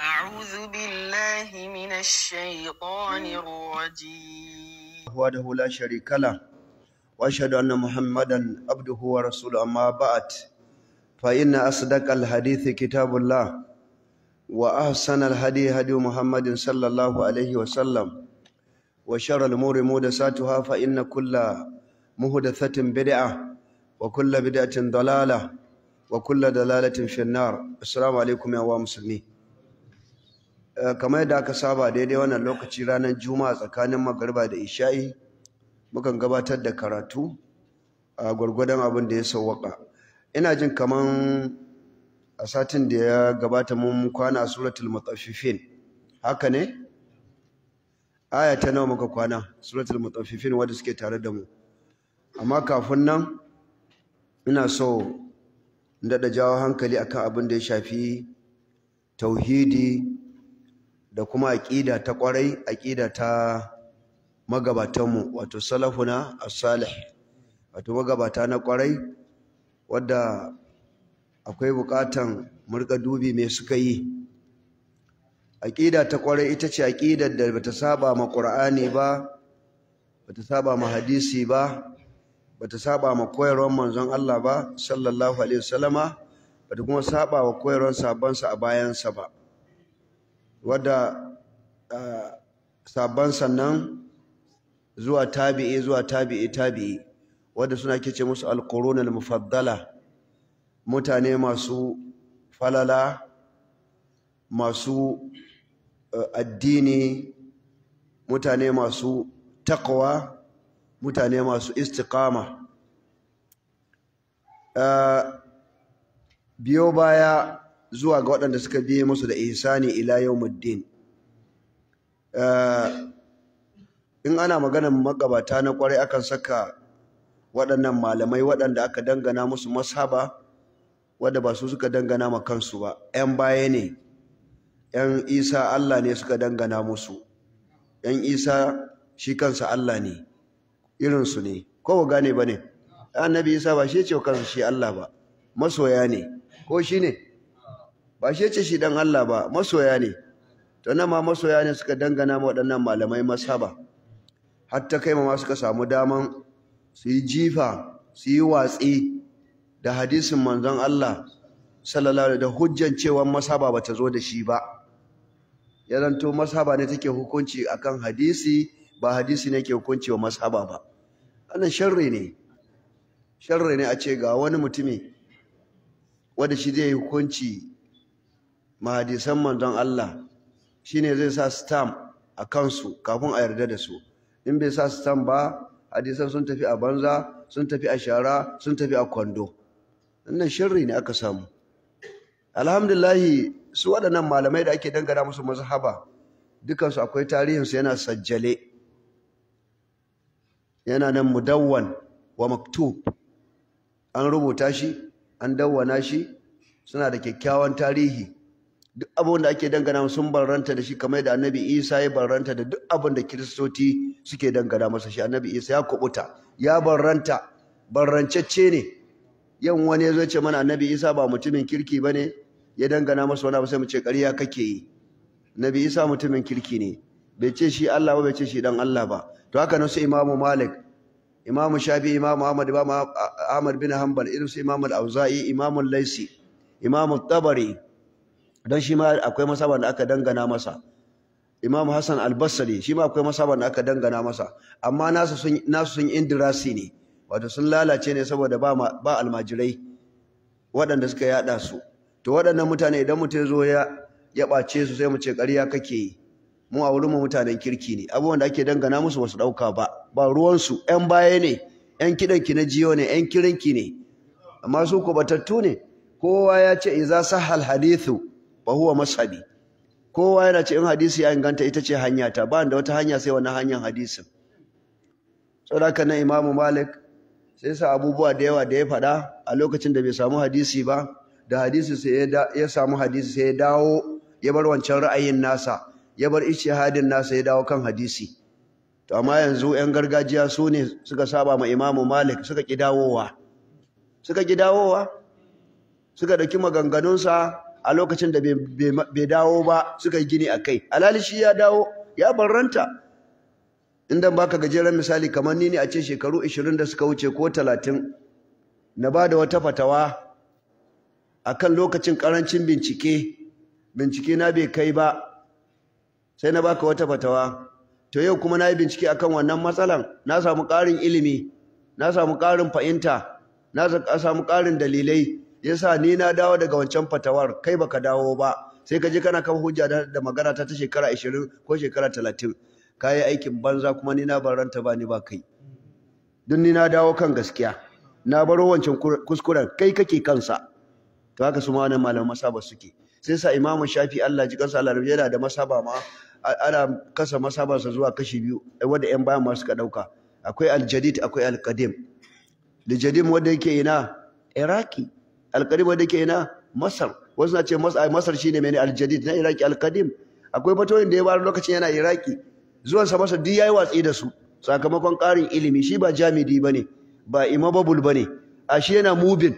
أعوذ بالله من الشيطان الرجيم وحده لا شريك له وأشهد أن محمدا عبده ورسوله أما بعد فإن أصدق الحديث كتاب الله وأحسن الهدي هدي محمد صلى الله عليه وسلم وشر الأمور محدثاتها فإن كل محدثة بدعة وكل بدعة ضلالة وكل ضلالة في النار السلام عليكم يا مسلمين Eh, kamar yadda aka saba daidai wannan lokaci ranar juma'a tsakanin magarba da isha'i mukan gabatar da karatu a gwargwadon abin da ya sauwaka ina jin kaman a satin da ya gabata mun kwana a suratul mutaffifin haka ne aya ta nawa muka kwana suratul mutaffifin wanda suke tare da mu amma kafin nan ina so in daɗa jawo hankali akan abin da ya shafi tauhidi da kuma aƙida ta ƙwarai aƙida ta magabatanmu wato salafuna as-salih wato magabata na ƙwarai wadda akwai buƙatan murka dubi me suka yi aƙida ta ƙwarai ita ce aƙidar da bata saba ma ƙur'ani ba bata saba ma hadisi ba bata saba ma koyarwar manzon Allah ba sallallahu alaihi wasallama bata kuma saba wa koyarwar sabansa a bayansa ba wadda sabban sannan zuwa tabi'i zuwa tabi'i tabi'i wadda suna kice musu alqurun mufaddala mutane masu falala masu addini mutane masu takawa mutane masu istikama biyo baya zuwa ga waɗanda suka biye musu da ihsani ila yawmuddin eh, in ana magana magabata na kwarai akan saka waɗannan malamai waɗanda aka dangana musu mashaba wadda ba su suka dangana ma kansu ba 'yan baya ne 'yan isa Allah ne suka dangana musu 'yan isa shi kansa Allah ne irinsu ne ko ku gane ba ne annabi isa ba shi ce kansa shi Allah ba masoya ne ko shi ne ba shi ce shi dan Allah ba masoya ne to nan ma masoya ne suka dangana ma waɗannan malamai mashaba ta kai ma suka samu daman su yi jifa su yi watsi da hadisin manzon Allah sallallahu alaihi da hujjan cewa mashaba bata zo da shi ba ya zanto mashaba ne take hukunci akan hadisi ba hadisi ne ke hukunci wa masaba ba wannan sharri ne sharri ne a ce ga wani mutumi wanda shi zai hukunci mahadisan manzon Allah shine zai sa stamp a kansu kafin a yarda da su in bai sa stamp ba hadisan sun tafi a banza sun tafi a shara sun tafi a kwando wannan shirri ne aka samu alhamdulillah su waɗannan malamai da ake dangana musu mazhaba dukansu akwai tarihinsu yana sajjale yana nan mudawwan wa maktub an rubuta shi an dawwana shi suna da kyakkyawan tarihi duk abin da ake dangana sun barranta da shi kamar da annabi isa ya barranta da duk abin da kiristoci suke dangana masa shi annabi isa ya kubuta ya barranta barrancacce ne yan wani ya zo ce mana annabi isa ba mutumin kirki ba ne ya dangana masa wani abu sai mu ce ƙarya kake yi annabi isa mutumin kirki ne bai ce shi allah ba bai ce shi dan allah ba to haka nan su imamu malik imamu shafi imamu ahmad imamu ahmad bin hanbal irin su imamu al-auza'i imamu laisi imamu tabari don shi ma akwai masaban da aka dangana masa imam hassan albasari shi ma akwai masaban da aka dangana masa amma nasu sun nasu sun indirasi ne wato sun lalace ne saboda ba almajirai waɗanda suka yada su to waɗannan mutane idan mutum zo ya ya ɓace su sai mu ce ƙarya kake yi mu a wurin mutanen kirki ne abubuwan da ake dangana musu ba su ɗauka ba ba ruwansu 'yan baya ne 'yan kiɗanki na jiyo ne 'yan kirinki ne amma su kubatattu ne kowa ya ce iza sahal hadithu Bahuwa huwa mashabi kowa yana ce in hadisi ya inganta ita ce hanya ta ba da wata hanya sai wani hanyar hadisin saboda na imamu malik sai sa abubuwa da yawa da ya faɗa a lokacin da bai samu hadisi ba da hadisi sai ya samu hadisi sai ya dawo ya bar wancan ra'ayin nasa ya bar hadin nasa ya dawo kan hadisi to amma yanzu 'yan gargajiya su ne suka saba ma imamu malik suka ƙi dawowa suka ƙi dawowa suka ɗauki maganganunsa a lokacin da bai dawo ba suka yi gini a kai alhali shi ya dawo ya barranta inda ka gajeren misali kamar ni ne a ce shekaru 20 da suka wuce ko 30 na ba da wata fatawa a kan lokacin karancin bincike bincike na bai kai ba sai na baka wata fatawa to yau kuma na yi bincike akan wannan matsalan na samu ƙarin ilimi na samu ƙarin fahimta na samu ƙarin dalilai yasa ni na dawo daga wancan fatawar kai baka dawo ba sai ka je kana kan hujja da magana ta ta shekara 20 ko shekara 30 kayi aikin banza kuma ni na baranta ba ni ba kai duk ni na dawo kan gaskiya na baro wancan kuskuren kai kake kansa to haka su ma malaman masaba suke sai sa imamu shafi Allah ji kansa Allah yana da masaba ma ana kasa masabansa zuwa kashi biyu wanda yan bayan ma suka dauka akwai aljadid akwai alqadim da wanda yake ina iraki alqariba da ke na masar wasu na ce masar shine mene aljadid na iraki alqadim akwai batoyin da ya bari lokacin yana iraki zuwan sa masar duk yayi watsi da su sakamakon karin ilimi shi ba jamidi bane ba ba bane a shi yana mubin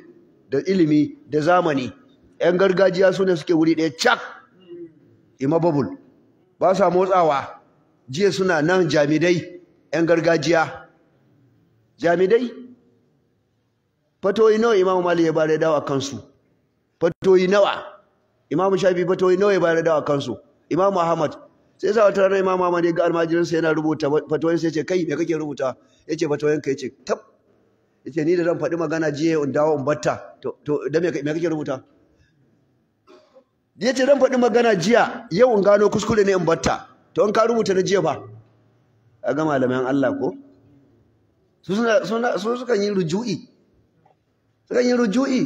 da ilimi da zamani yan gargajiya su ne suke wuri ɗaya cak babul. ba sa motsawa jiya suna nan jamidai yan gargajiya jamidai fatoyi nawa imamu mali ya bayar dawo a kansu fatoyi nawa imamu shafi fatoyi nawa ya bayar dawo a kansu imamu ahmad sai sa wata ranar imamu ahmad ya ga almajirinsa yana rubuta fatoyin sai ce kai me kake rubuta yace fatoyin ka yace tab yace ni da zan faɗi magana jiya in dawo in batta to to da me kake rubuta yace zan faɗi magana jiya yau in gano kuskure ne in batta to in ka rubuta na jiya fa a ga malaman Allah ko su suna su suka yi ruju'i sukan yi ruju'i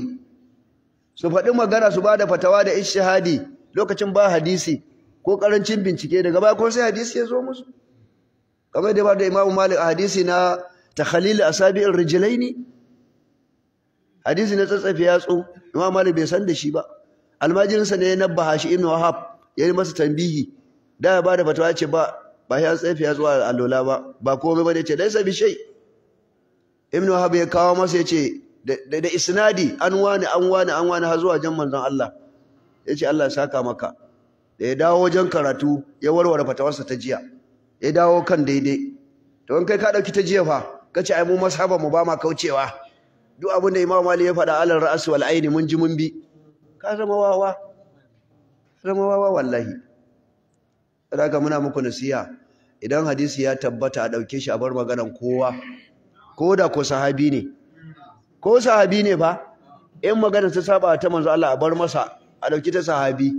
su faɗi magana su ba da fatawa da ishihadi lokacin ba hadisi ko ƙarancin bincike daga baya ko sai hadisi ya zo musu kamar da ba da imamu malik a hadisi na ta takhalil rijilai ne hadisi na ya tso imamu malik bai san da shi ba almajirinsa ne ya nabba shi ibnu wahab ya yi masa tambihi da ya ba da fatawa ya ce ba ba ya tsafe ya a allola ba ba komai ba ne ce dai sabi shai ibnu wahab ya kawo masa ya ce da isnadi an wani an wani an wani har zuwa jan manzon Allah ya ce Allah ya saka maka da ya dawo wajen karatu ya warware fatawarsa ta jiya ya dawo kan daidai to in kai ka ɗauki ta jiya fa ka ce ai mu masaba mu ba ma kaucewa duk abin da Imam Malik ya faɗa alal ra'as wal aini mun ji mun bi ka zama wawa zama wawa wallahi saboda muna muku nasiha idan hadisi ya tabbata a ɗauke shi a bar maganan kowa ko da ko sahabi ne ko sahabi ne ba in magana ta saba ta manzo Allah a bar masa a dauki ta sahabi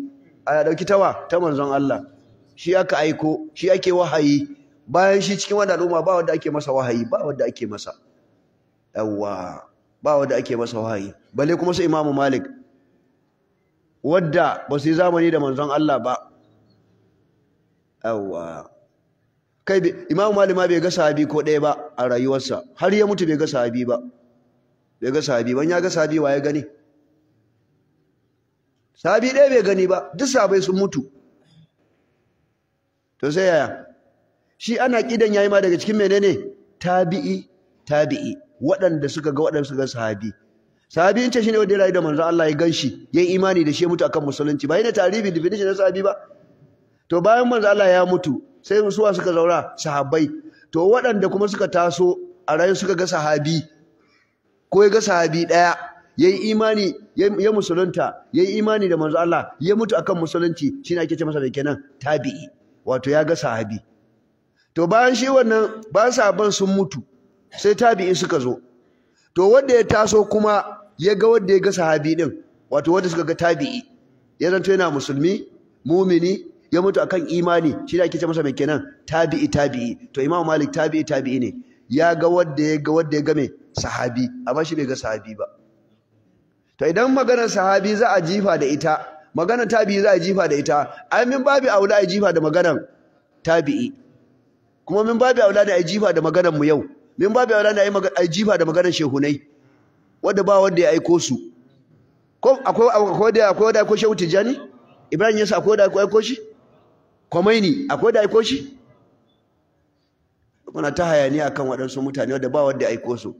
a dauki tawa ta manzon Allah shi aka aiko shi ake wahayi bayan shi cikin wanda al'umma ba wanda ake masa wahayi ba wanda ake masa yawa ba wanda ake masa wahayi balle kuma sai Imam Malik wadda ba su yi zamani da manzon Allah ba yawa kai Imam Malik ma bai ga sahabi ko ɗaya ba a rayuwarsa har ya mutu bai ga sahabi ba bai ga sahabi ban ya ga sahabi wa ya gani sahabi ɗaya bai gani ba duk sahabai sun mutu to sai yaya shi ana kidan yayi ma daga cikin menene tabi'i tabi'i waɗanda suka ga waɗanda suka ga sahabi sahabi in ce shine wanda ya rayu da manzon Allah ya ganshi yayin imani da shi ya mutu akan musulunci ba yana tarihi definition na sahabi ba to bayan manzon Allah ya mutu sai musuwa suka zaura sahabbai to waɗanda kuma suka taso a rayu suka ga sahabi ko ya ga sahabi ɗaya ya yi imani ya musulunta ya yi imani da manzo Allah ya mutu akan musulunci shi ake ce masa da kenan tabi'i wato ya ga sahabi to bayan shi wannan bayan sahaban sun mutu sai tabi'i suka zo to wanda ya taso kuma ya ga wanda ya ga sahabi din wato wanda suka ga tabi'i ya zanto yana musulmi mumini ya mutu akan imani shi ake ce masa mai kenan tabi'i tabi'i to imamu malik tabi'i tabi'i ne ya ga wanda ya ga wanda ya ga me sahabi amma shi bai ga sahabi ba to idan maganar sahabi za a jifa da ita maganar tabi'i za a jifa da ita ai min babu aula a jifa da maganar tabi'i kuma min babu aula da a jifa da maganar mu yau min babu aula da a jifa da maganar shehunai wanda ba wanda ya aiko su ko akwai akwai da akwai da ko shehu tijani ibrahim yasa akwai da aiko shi komaini akwai da aiko shi muna ta hayaniya akan waɗansu mutane wanda ba wanda ya aiko su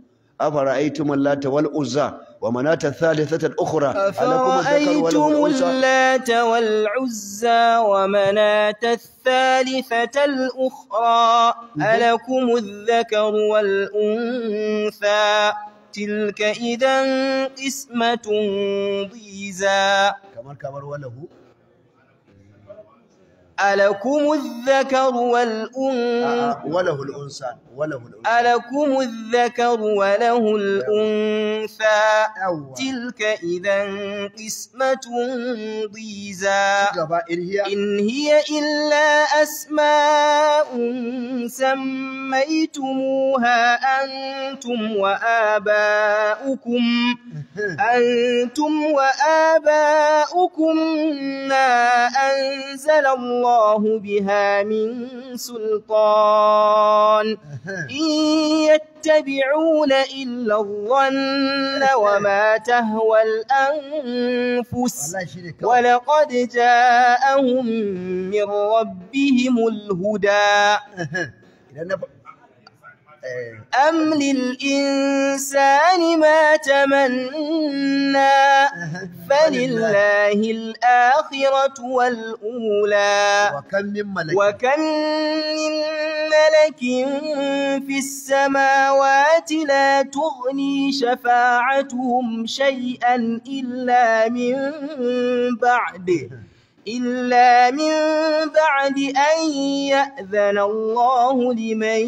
أفرأيتم اللات والعزى ومناة الثالثة الأخرى أفرأيتم اللات والعزى ومناة الثالثة الأخرى ألكم الذكر والأنثى تلك إذا قسمة ضيزى كمان كمان وله ألكم الذكر والأنثى آه، آه، وله الأنثى وله الأنثى ألكم الذكر وله الأنثى تلك إذا قسمة ضيزى إن هي إلا أسماء سميتموها أنتم وآباؤكم أنتم وآباؤكم ما أنزل الله الله بها من سلطان إن يتبعون إلا الظن وما تهوى الأنفس ولقد جاءهم من ربهم الهدى أم للإنسان ما تمنى فلله الآخرة والأولى وكم من ملك, وكم من ملك في السماوات لا تغني شفاعتهم شيئا إلا من بعده إلا من بعد أن يأذن الله لمن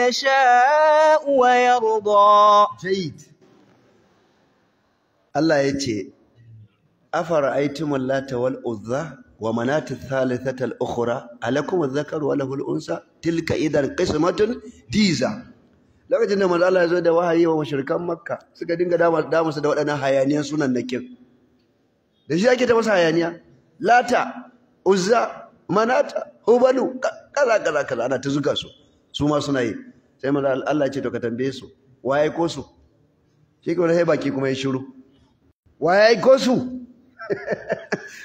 يشاء ويرضى جيد الله يتي أفرأيتم اللات والعزى ومناة الثالثة الأخرى ألكم الذكر وله الأنثى تلك إذا قسمة ديزا lokacin da manzo Allah ya zo da wahayi wa mushrikan Makka suka dinga damu da waɗannan hayaniyan sunan da shi ta masa hayaniya lata uzza manata hubalu kala kala kala ana ta zuka su su ma suna yi sai manzo Allah ya ce to ka tambaye su waye ko su shi kuma sai baki kuma ya shiru waye ko su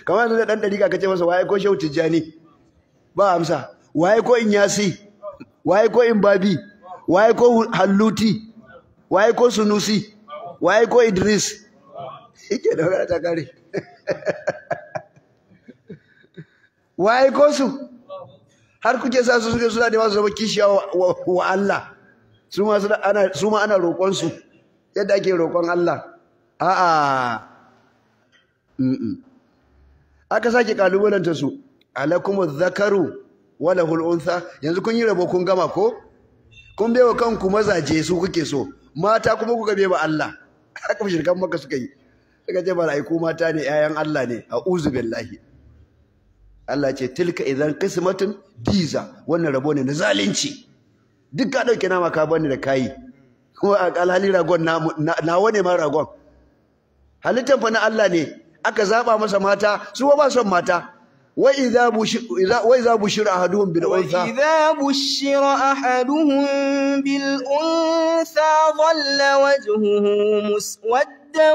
kamar yanzu da dan dariƙa kace masa waye ko shehu tijjani ba amsa waye ko inyasi waye ko imbabi waye ko halluti waye ko sunusi waye ko idris yake da ta kare wa aiko su har kuke sa su suke suna da masu zama kishiya wa Allah su ma ana su ma ana roƙon su yadda ake roƙon Allah a'a aka sake kalubalanta su alakumu zakaru wala hul'unsa yanzu kun yi rabo kun gama ko kun wa kanku mazaje su kuke so mata kuma kuka ba Allah haka shirkan maka suka yi suka ce ba ra'ayi ko mata ne 'ya'yan Allah ne a'udhu billahi Allah ce tilka idan qismatun diza wannan rabo ne na zalunci duk ka dauke nama ka bani da kai kuma alhali ragon nawa ne ma ragon halittar fa na Allah ne aka zaba masa mata su ba son mata wa idza bushira ahaduhum bil untha wa idza bushira ahaduhum bil untha dhalla wajhuhu muswaddan جدا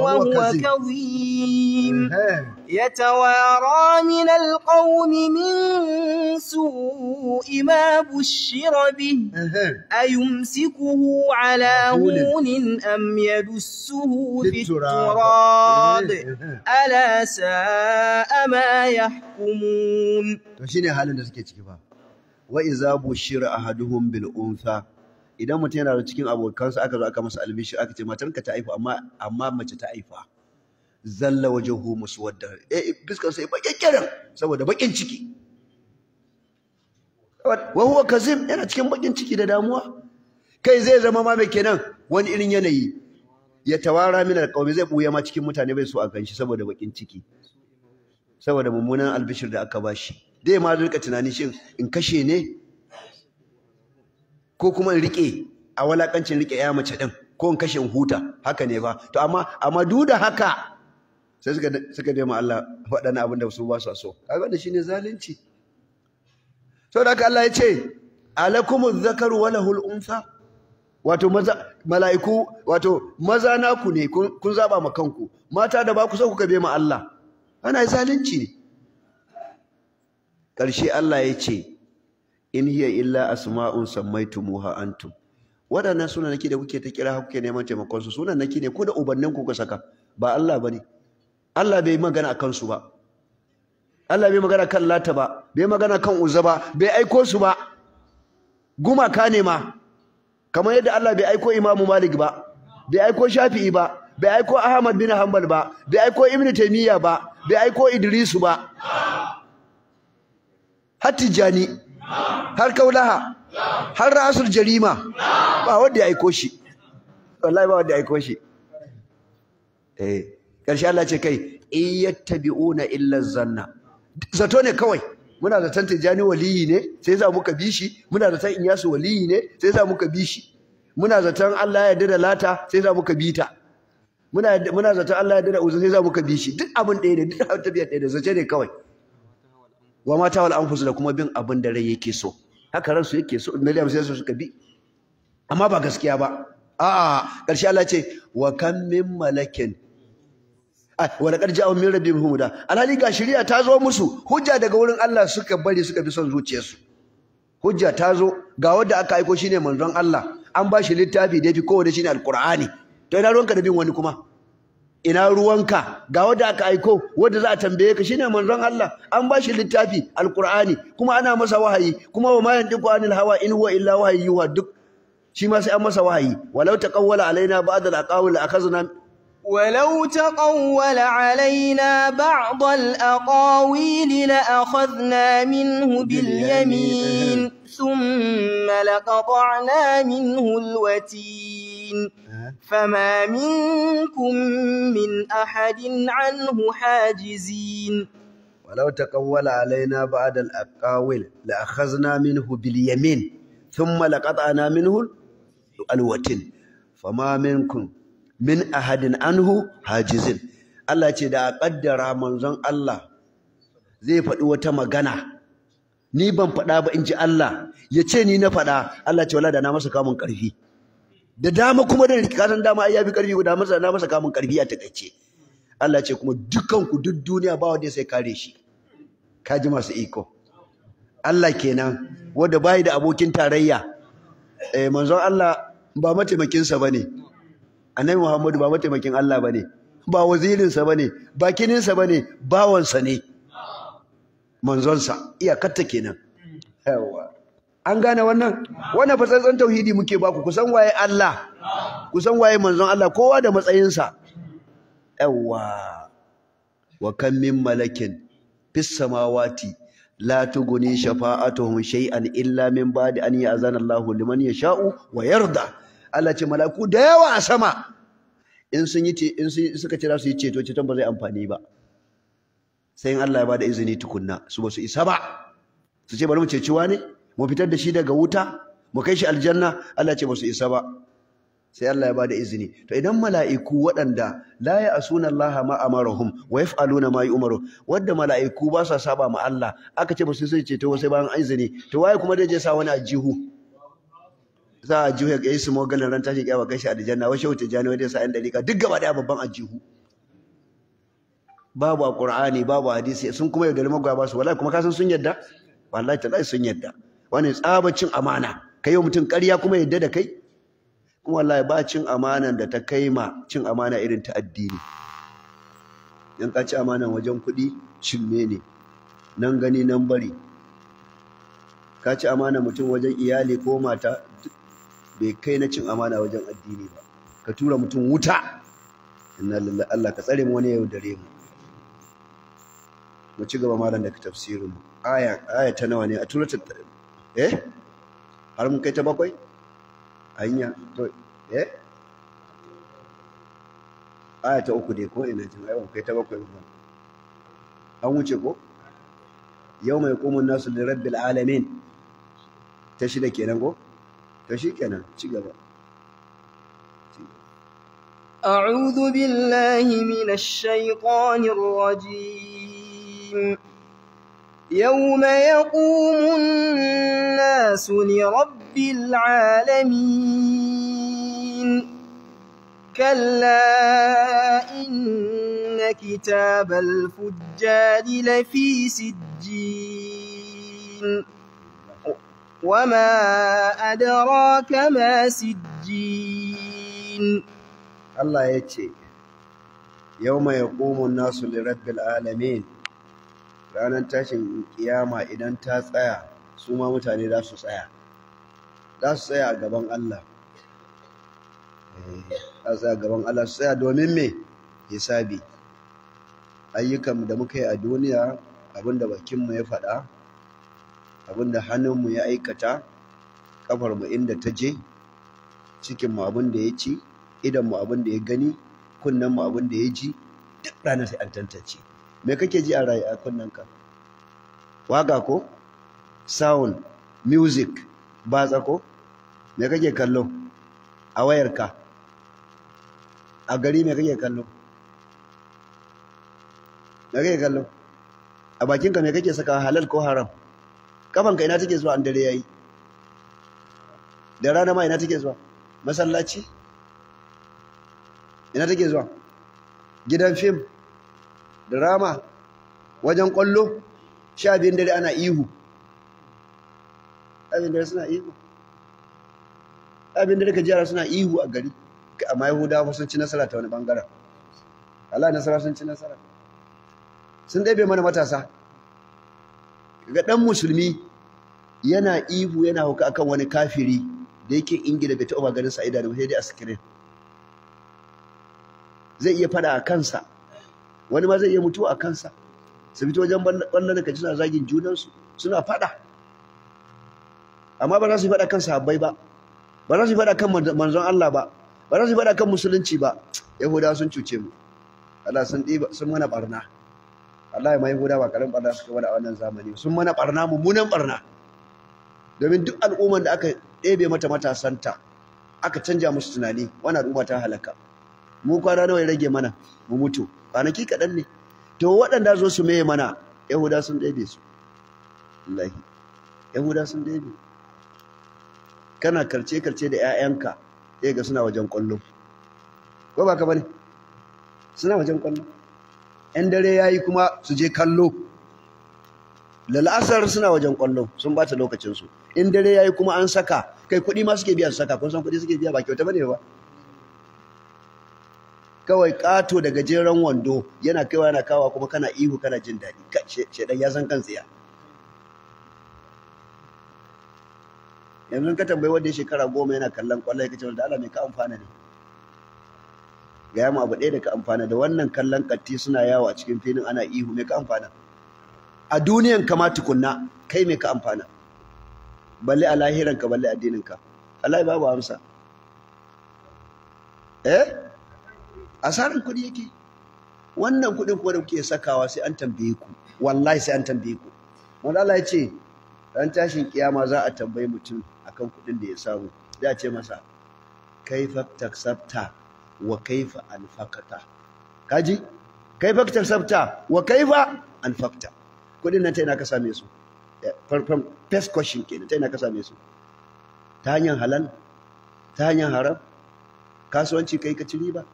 وهو كظيم يتوارى من القوم من سوء ما بشر به أيمسكه على هون أم يدسه في التراب ألا ساء ما يحكمون وإذا بشر أحدهم بالأنثى idan mutum yana da cikin abokansa aka zo aka masa almishi aka ce matarka ta haifa amma amma mace ta haifa zalla wajahu muswadda eh fiskar sai bakekkiran saboda bakin ciki wa huwa kazim yana cikin bakin ciki da damuwa kai zai zama ma mai kenan wani irin yanayi ya tawara min alqawmi zai buya ma cikin mutane bai so a ganshi saboda bakin ciki saboda mummunan albishir da aka bashi dai ma rika tunani shin in kashe ne ko kuma in rike a walakancin rike ya mace ɗin, ko in kashe in huta haka ne ba to amma amma duk da haka sai suka suka ma Allah waɗannan abin da su ba su so kaga wannan shine zalunci da haka Allah ya ce alakumuz zakaru wa lahul unsa wato maza mala'iku wato maza naku ne kun zaba ma kanku mata da ba ku so ku kabe ma Allah ana zalunci ne ƙarshe Allah ya ce in hiya illa asma'un sammaitumuha antum waɗannan sunan nake da kuke ta kira kuke neman taimakon su sunan nake ne ko da ubannin ku ka saka ba Allah bane Allah bai magana a kansu ba Allah bai magana kan Lata ba bai magana kan Uzza ba bai aiko su ba gumaka ne ma kamar yadda Allah bai aiko Imam Malik ba bai aiko Shafi'i ba bai aiko Ahmad bin Hanbal ba bai aiko Ibn Taymiyyah ba bai aiko Idrisu ba Hatijani har kaulaha har rasul jarima ba wanda ya aiko shi wallahi ba wanda ya aiko shi eh karshe Allah ce kai iyattabi'una illa zanna zato ne kawai muna da tantan jani waliyi ne sai za ka bi shi muna da tan inyasu waliyi ne sai za ka bi shi muna zaton Allah ya yarda lata sai za ka bi ta muna muna zaton Allah ya yarda uzu sai za ka bi shi duk abin ɗaya ne duk abin tabiyar ɗaya ne zace ne kawai wa mata wal anfus da kuma bin abin da rai yake so haka ransu yake so na Maryam sai su suka bi amma ba gaskiya ba a'a karshe Allah ce wa kam min malakin ah, wa laqad ja'a min rabbihim huda alhali ga shari'a ta zo musu hujja daga wurin Allah suka bari suka bi son zuciyarsu hujja ta zo ga wanda aka aiko shine manzon Allah an ba shi littafi da yafi kowa da shine alqur'ani to ina ruwanka da bin wani kuma ina ruwanka ga wanda aka aiko wanda za a tambaye ka shine manzon Allah an ba shi littafi alqur'ani kuma ana masa wahayi kuma wa ma yantiqu anil hawa in huwa illa wahayi yuha duk shi ma sai an masa wahayi walau taqawwala alaina ba'd al-aqawil akhazna ولو تقول علينا بعض الأقاويل لأخذنا منه باليمين ثم لقطعنا منه الوتين فما منكم من أحد عنه حاجزين ولو تقول علينا بعد الأقاويل لأخذنا منه باليمين ثم لقطعنا منه الوتين فما منكم min ahadin anhu hajizin Allah ce da a ƙaddara manzon Allah zai faɗi wata magana ni ban faɗa ba in ji Allah ya ce ni na faɗa Allah ce wala da na masa kamun ƙarfi da dama kuma da kasan dama ai ya fi ƙarfi da masa na masa kamun ƙarfi a takaice Allah ce kuma dukanku duk duniya ba wanda sai kare shi kaji masu iko Allah kenan wanda bai da abokin tarayya eh manzon Allah ba mataimakin sa bane annabi Muhammadu ba mataimakin Allah bane ba wazirin sa bane ba kinin sa bane bawon sa ne manzon sa iyakarta kenan yawa an gane wannan wannan fa tauhidi muke baku kusan waye Allah kusan waye manzon Allah kowa da matsayinsa yawa wa kan min malakin fis samawati la tuguni shafa'atuhum shay'an illa min ba'di an ya'zana Allahu liman yasha'u wa yarda Allah ce malaku da yawa a sama in sun yi in suka ce za su yi ceto ceton ba zai amfani ba sai in Allah ya bada izini tukunna su ba su isa ba su ce bari mu ceci wani mu fitar da shi daga wuta mu kai shi aljanna Allah ce ba su isa ba sai Allah ya bada izini to idan mala'iku waɗanda la ya'suna Allah ma amarahum wa yaf'aluna ma yu'maru wanda mala'iku ba sa saba ma Allah aka ce ba su sai to sai bayan izini to waye kuma da je sa wani ajihu za a jiho ya yi su mogalin ran tashi kyawa gashi a dijanna wa shehu tijani wanda ya sa yan dalika duk gaba daya babban ajihu babu a qur'ani babu hadisi sun kuma yaudar magwa ba su wallahi kuma kasan sun yadda wallahi tallahi sun yadda wani tsabacin amana kai mutum ƙarya kuma yadda da kai wallahi ba cin amanan da ta kai ma cin amana irin ta addini yan ka ci amanan wajen kuɗi cin ne nan gani nan bari ka ci amana mutum wajen iyali ko mata bai kai na cin amana wajen addini ba ka tura mutum wuta inna lillahi Allah ka tsare mu wani yau dare mu mu ci gaba malam da tafsirin aya aya ta nawa ne a tura ta eh har mun kai ta bakwai hanya to eh aya ta uku dai ko ina jin ai kai ta bakwai ba an wuce ko yau yawma yaqumun nasu li rabbil alamin ta shida kenan ko ta shi kenan ci gaba أعوذ بالله من الشيطان الرجيم يوم يقوم الناس لرب العالمين كلا إن كتاب الفجار لفي سجين وما أدراك ما سجين الله يتشي يوم يقوم الناس لرب العالمين ranar tashin kiyama idan ta tsaya su ma mutane za su tsaya za su tsaya a gaban Allah eh, za tsaya a gaban Allah su tsaya domin me hisabi ayyukan da muka yi a duniya abinda bakinmu ya faɗa abinda hannunmu ya aikata mu inda ta je cikinmu da ya ci abin da ya gani kunnen mu abin da ya ji duk ranar sai an tantance me kake ji a rayu a ka waka ko sound music batsa ko me kake kallo a wayarka a gari me kake kallo me kake kallo a bakinka me kake saka halal ko haram kafanka ina take zuwa an dare yayi da rana ma ina take zuwa masallaci ina take zuwa gidan fim drama wajen kwallo sha biyun dare ana ihu abin dare suna ihu abin dare ka jiyara suna ihu a gari amma yahudawa sun ci nasara ta wani bangaren Allah nasara sun ci nasara sun ɗabe mana matasa ga ɗan musulmi yana ihu yana hauka akan wani kafiri da yake ingila bai taɓa ganin sa idanu sai dai a sikirin zai iya fada a kansa wani ma zai iya mutuwa a kansa su fito wajen da kaji suna zagin junansu suna faɗa amma ba za su faɗa kan sahabbai ba ba za su faɗa kan manzon Allah ba ba za su faɗa kan musulunci ba yahudawa sun cuce mu Allah sun ɗiba sun mana barna Allah ya mai yahuda ba karin barna suka wani a wannan zamani sun mana barna mummunan barna domin duk al'ummar da aka ɗebe mata matasanta aka canja musu tunani wannan al'umma ta halaka mu kwana nawa ya rage mana mu mutu kwanaki kaɗan ne to waɗanda zo su meye mana yahuda sun ɗebe su lahi yahuda sun ɗebe kana karce-karce da 'ya'yanka ɗaya ga suna wajen ƙwallo ko ba ka bane suna wajen ƙwallo 'yan dare ya yi kuma su je kallo lal'asar suna wajen ƙwallo sun bata lokacinsu in dare ya yi kuma an saka kai kuɗi ma suke biya su saka kun san kuɗi suke biya ba kyauta ba ne ba kawai kato da gajeren wando yana kaiwa yana kawa kuma kana ihu kana jin daɗi shaidan ya san kan tsaya yanzu ka tambayi wanda ya shekara goma yana kallon kwallon ya kace da Allah mai ka amfana ne ga yamma abu ɗaya da ka amfana da wannan kallon katti suna yawo a cikin filin ana ihu mai ka amfana a duniyan kama tukunna kai mai ka amfana balle a lahiranka balle addininka. ka Allah babu amsa eh asarar kuɗi yake wannan kuɗin kuwa da kuke sakawa sai an tambaye ku wallahi sai an tambaye ku wanda Allah ya ce ran tashin kiyama za a tambayi mutum akan kuɗin da ya samu za a ce masa kaifa taksabta wa kaifa anfakata kaji kaifa taksabta wa kaifa anfakta kuɗin nan ta ina ka same su eh, farfan first question kenan ta ina ka same su ta hanyar halal ta hanyar haram kasuwanci kai ka ci riba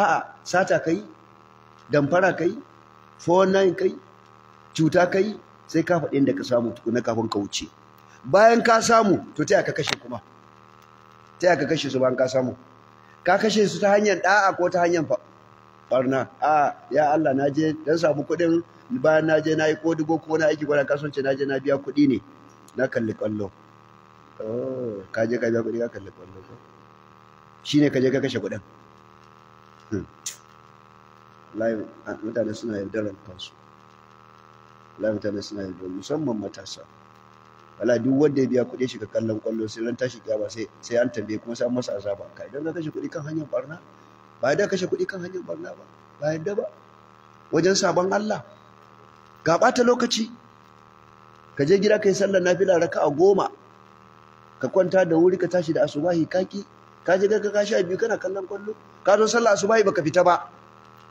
a'a sata kai damfara kai 49 kai cuta kai sai ka faɗi inda ka samu tukuna kafin ka wuce bayan ka samu to ta ka kashe kuma ta ka kashe su bayan ka samu ka kashe su ta hanyar da'a ko ta hanyar barna a ya Allah na je dan samu kuɗin bayan na je na yi kodugo ko na aiki gwada kasance na je na biya kuɗi ne na kalli kwallo oh, ka je ka biya kuɗi ka kalli kwallo Shi ne ka je ka kashe kuɗin Hmm. mutane suna yaudarar kansu wallahi mutane suna yaudarar musamman matasa wala duk wanda ya biya kuɗi shiga kallon kwallo sai ran tashi kiyama sai sai an tambaye kuma sai an masa azaba kai idan ka kashe kuɗi kan hanyar barna ba da kashe kuɗi kan hanyar barna ba ba yadda ba wajen sabon Allah ga ɓata lokaci ka je gida ka kai sallar nafila raka a goma ka kwanta da wuri ka tashi da asubahi kaki ka je ga ka sha biyu kana kallon kwallo ka zo sallah asubahi baka fita ba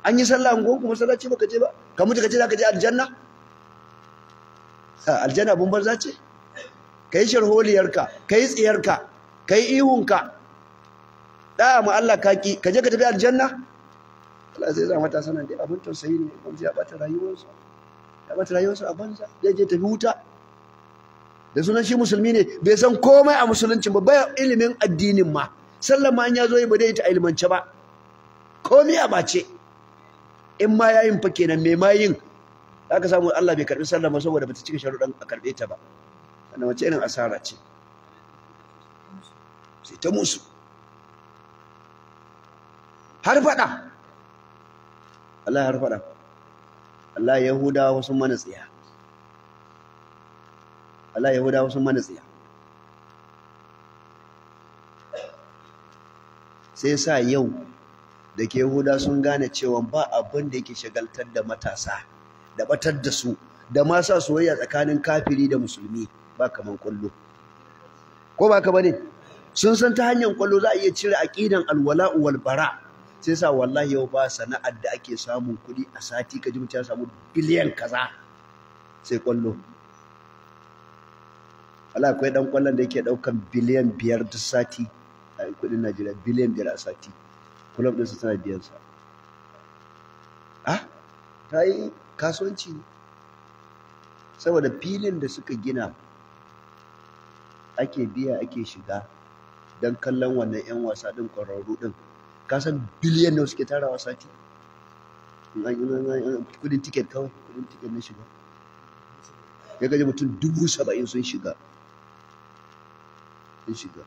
an yi sallah ngon kuma sallaci baka je ba ka mutu ka ce zaka je aljanna ha aljanna bun banza ce kai ka, kai ka kai ka. da mu Allah ka ki ka je ka tafi aljanna Allah zai zama ta sanan dai abin tausayi ne kun ji ya bata rayuwarsa ya bata rayuwarsa a banza zai je tafi wuta da sunan shi musulmi ne bai san komai a musuluncin ba bai ilimin addinin ma sallama an ya zo yi ba dai ita ilmance ba komi a bace in ma yayin fa kenan me ma yin zaka samu Allah bai karbi sallama saboda bata cika sharuɗan a karbe ta ba wannan wace irin asara ce sai ta musu har fada Allah har fada Allah yahudawa sun mana tsiya Allah yahudawa sun mana tsiya sai sa yau da ke Yahuda sun gane cewa ba abin da yake shagaltar da matasa da batar da su da ma sa soyayya tsakanin kafiri da musulmi ba kaman kwallo ko ba ka bane sun san ta hanyar kwallo za a iya cire aqidan alwala wal bara sai sa wallahi yau ba sana'ar da ake samun kuɗi a sati ka ji mutum ya samu biliyan kaza sai kwallo Allah akwai dan kwallon da yake daukan biliyan biyar duk sati a kudin Najeriya biliyan biyar a sati kulob ɗinsa tana biyansa ah ta yi kasuwanci saboda filin da suka gina ake biya ake shiga don kallon wannan 'yan wasa ɗin ƙwararru ɗin kasan biliyan da suke tara wasa ce kudin tiket kawai kudin tiket na shiga ya gaji mutum dubu saba'in sun shiga sun shiga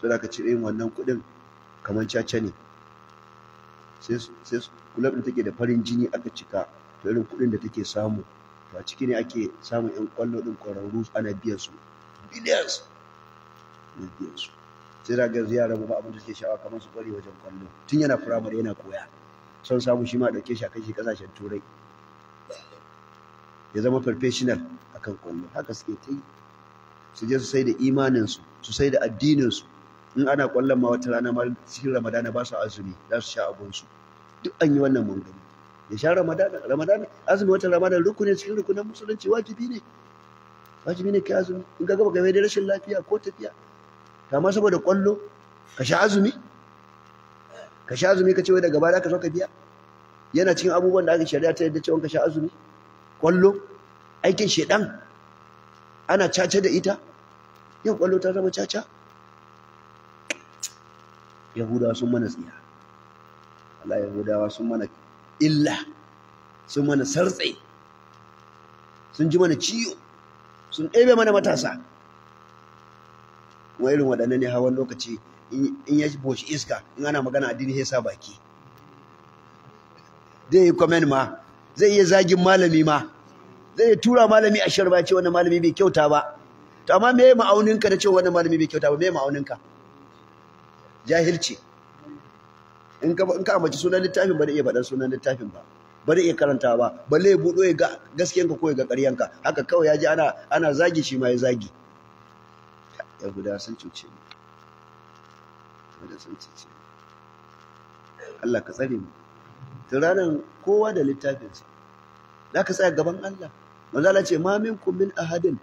so da ka cire yin wannan kuɗin kamar caca ne sai kulab ɗin take da farin jini aka cika to irin kuɗin da take samu to a ciki ne ake samun yan kwallo ɗin ƙwararru ana biyan su billions na biyan su sai da ga yara ba abin da suke sha'awa kamar su ƙware wajen kwallo. tun yana firamare yana koya son samu shi ma ɗauke shi a kai shi ƙasashen turai ya zama professional akan kwallo. haka suke ta yi su je su sai da imaninsu su sai da addininsu in ana kwallon ma wata rana ma cikin ramadana ba su azumi za su sha abinsu duk an yi wannan mungani ya sha ramadana ramadana azumi wata ramadana rukunin cikin rukunin musulunci wajibi ne wajibi ne ka azumi in ka gaba game da rashin lafiya ko tafiya kama saboda kwallo ka sha azumi ka sha azumi ka ce wai daga baya ka so ka biya yana cikin abubuwan da aka shari'a ta yadda cewa ka sha azumi kwallo aikin shedan ana caca da ita yin kwallo ta zama caca yahudawa sun mana tsiya Allah yahudawa sun mana illa sun mana sartse sun ji mana ciwo sun ɗebe mana matasa wa irin waɗannan ne hawan lokaci in ya boshi iska in ana magana addini sai sa baki zai yi kwamen ma zai iya zagin malami ma zai iya tura malami a shirba ce wani malami bai kyauta ba to amma me ma'auninka da cewa wani malami bai kyauta ba me ma'auninka jahilci in ka amince sunan littafin ba da iya faɗan sunan littafin ba ba da iya karanta ba balle ya buɗo ya ga gaskiyanka ko ya ga ƙaryanka haka kawai ya ji ana ana zagi shi ma ya zagi ya guda sun cuce ni wanda sun cuce Allah ka tsare mu to kowa da littafinsa za ka tsaya gaban Allah manzo Allah ce ma minkum min ahadin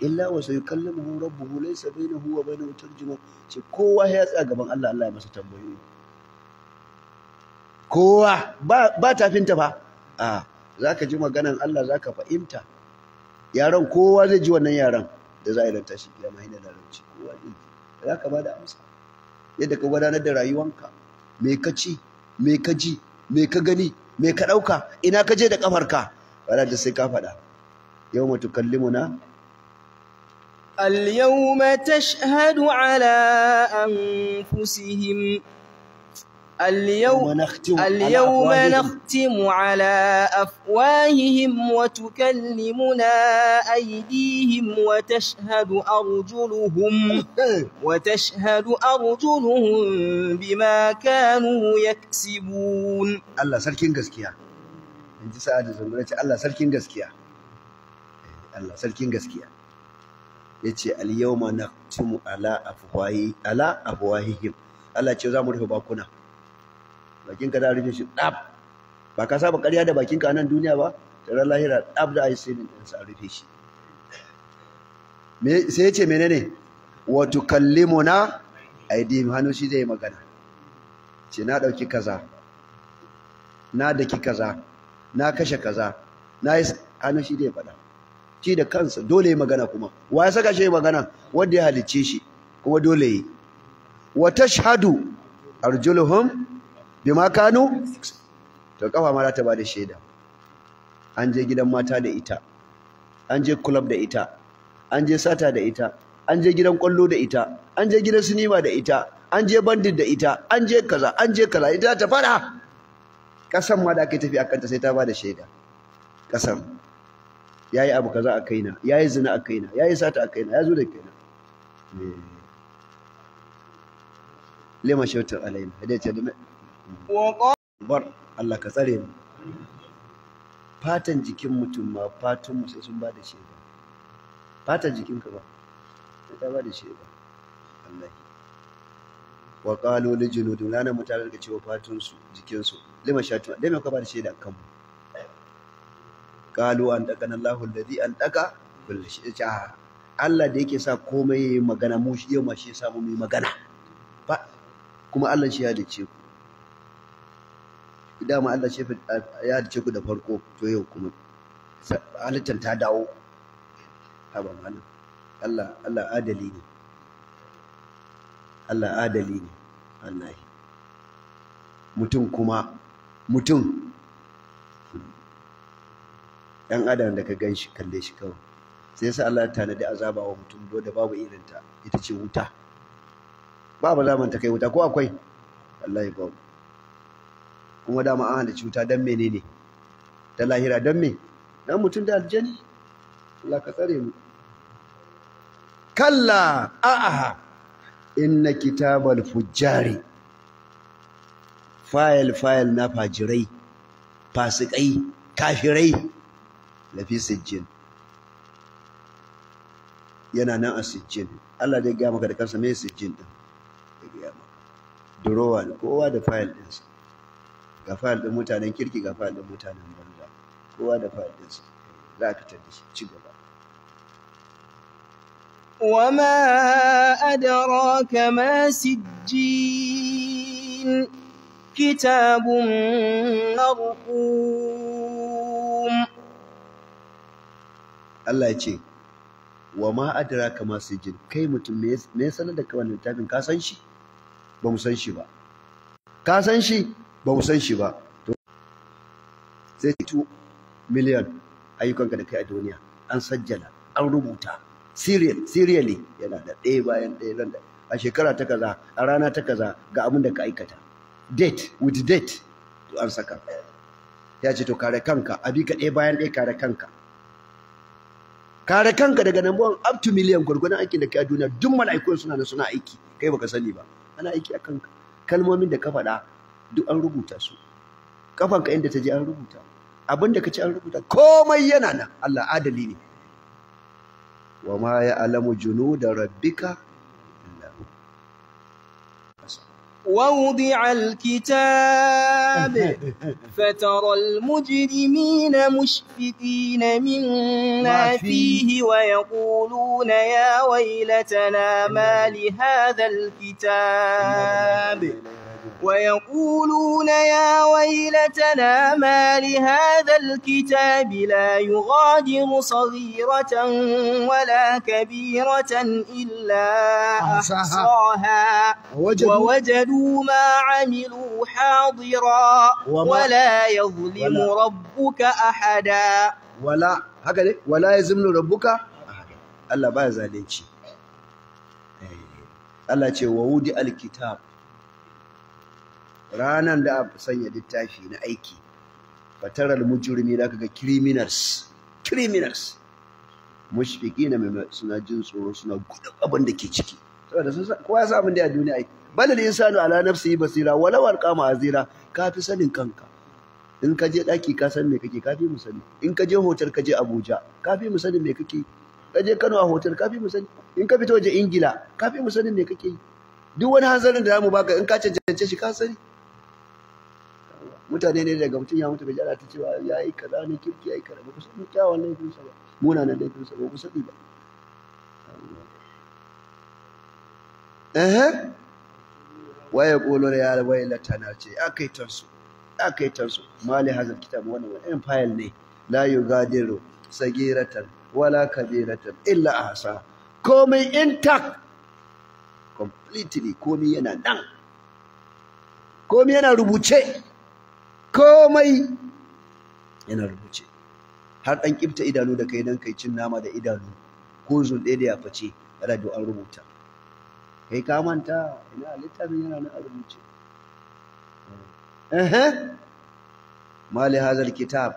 illa wa sai kallamu rabbuhu laysa bainahu wa bainahu tarjuma ce kowa ya tsaya gaban Allah Allah ya masa tambayoyi kowa ba ba tafinta fa a zaka ji maganar Allah zaka fahimta yaran kowa zai ji wannan yaran da za a yi shi ya mai da ranci kowa din zaka bada amsa yadda ka gudanar da rayuwanka me ka ci me ka ji me ka gani me ka dauka ina ka je da kafarka wala da sai ka faɗa yau mutukallimuna اليوم تشهد على أنفسهم اليوم نختم اليوم على نختم على أفواههم وتكلمنا أيديهم وتشهد أرجلهم وتشهد أرجلهم بما كانوا يكسبون الله سلكين غسكيا إن سعادة زمرة الله سلكين غسكيا الله سلكين غسكيا yace al yawma naqtimu ala afwahi ala afwahihim Allah ce za mu rufe bakuna bakin ka a rufe shi dab ba ka saba ƙarya da bakin ka nan duniya ba tare lahira dab da ai sai din a rufe shi me sai yace menene wa tukallimuna aidi hannu shi zai magana ce na dauki kaza na daki kaza na kashe kaza na yi hannu shi zai faɗa shi da kansa dole yi magana kuma wa ya saka shi magana wanda ya halicce shi kuma dole yi wa tashhadu arjuluhum bima kanu to kafa ma ta bada shaida an je gidan mata da ita an je club da ita an je sata da ita an je gidan kwallo da ita an je gidan sinima da ita an je bandit da ita an je kaza an je kaza ita ta fara kasan ma da ake tafi akanta sai ta bada shaida kasan ya yi abu kaza a kaina ya yi zina a kaina ya yi sata a kaina ya zo da kaina eh. lima shautar alayin ya ce da bar Allah ka tsare mu fatan jikin mutum ma fatan mu sai sun ba da shaida fatan jikinka ba ta ba da shaida wallahi wa qalu li junudin lana mutane da cewa fatan su jikin su lima shatu dai me ka ba da da kanmu qalu an daka Allahu alladhi an daka Allah da yake sa komai yayi magana mu shi yau shi ya mu mai magana ba kuma Allah shi ya dace ku idan ma Allah shi ya dace ku da farko to yau kuma halittar ta dawo haba mana. Allah Allah adali ne Allah adali ne Allah mutum kuma mutum ɗan adam da ka gan shi kalle shi kawai sai sa Allah ya tanadi azaba wa mutum dole babu irin ta ita ce wuta babu zaman ta kai wuta ko akwai wallahi babu kuma da ma'ana da cuta dan menene ta lahira dan me dan mutum da aljani Allah ka tsare mu kalla A'a, inna kitabal fujjari fayil fayil na fajirai fasikai kafirai lafi sijjin yana nan a sijjin Allah zai gaya maka da kansa mai sijjin ɗin. ya durowa ne kowa da fayil ɗinsa ga fayil ɗin mutanen kirki ga fayil ɗin mutanen banza kowa da fayil ɗinsa za a fitar da shi ci gaba وما أدراك ما سجين كتاب مرقوم Allah ya ce wa ma ka masu sijin kai mutum me ya sanar da kai wannan littafin ka san shi ba mu san shi ba ka san shi ba mu san shi ba to sai 2 miliyan ayyukanka da kai a duniya an sajjala an rubuta serial serially yana da ɗaya bayan ɗaya nan da a shekara ta kaza a rana ta kaza ga abin da ka aikata date with date to an saka ya ce to kare kanka abi ka ɗaya bayan ɗaya kare kanka kare kanka daga buwan up to million gwargwadon aikin da ke a duniya duk mala'ikun suna suna aiki kai baka sani ba ana aiki a kanka kalmomin da ka faɗa duk an rubuta su kafanka inda ta je an rubuta abin da ka ci an rubuta komai yana nan Allah adali ne wa ma ya alamu junu da rabbika ووضع الكتاب فترى المجرمين مشفقين مما فيه ويقولون يا ويلتنا ما لهذا الكتاب ويقولون يا ويلتنا ما لهذا الكتاب لا يغادر صغيرة ولا كبيرة إلا أحصاها ووجدوا, ووجدوا ما عملوا حاضرا ولا يظلم ربك أحدا ولا هكذا ولا يظلم ربك الله بقى زالين إيه. الله يقول وودي الكتاب ranan da aka sanya littafi na aiki fataral mujrimi da kaga criminals criminals mushfiqina mai suna jin tsoro suna gudun abin da ke ciki saboda sun kowa ya san abin da a duniya ai balal insanu ala nafsihi basira walau alqama azira ka fi sanin kanka in ka je daki ka san me kake ka fi mu sani in ka je hotel ka je Abuja ka fi mu sani me kake ka je Kano a hotel ka fi mu sani in ka fito waje Ingila ka fi mu sani me kake duk wani hanzarin da zamu baka in ka cancance shi ka sani mutane ne daga mutum ya mutu bai jara ta cewa ya yi kaza ne kirki ya yi kaza ba ku sani kyawun laifinsa ba munanan laifinsa ba ku sani ba ehe waye da ya waye latana ce a kai tansu mali hazar kitab wani wani ɗan fayil ne la yugadiru sagiratan wala kabiratan illa a hasa. komai intact completely komai yana nan komai yana rubuce komai yana rubuce har ɗan kifta idanu da kai dan kai cin nama da idanu ko zulɗe da ya face yana da an rubuta kai ka manta ina littafin yana nan a rubuce eh mali hazal kitab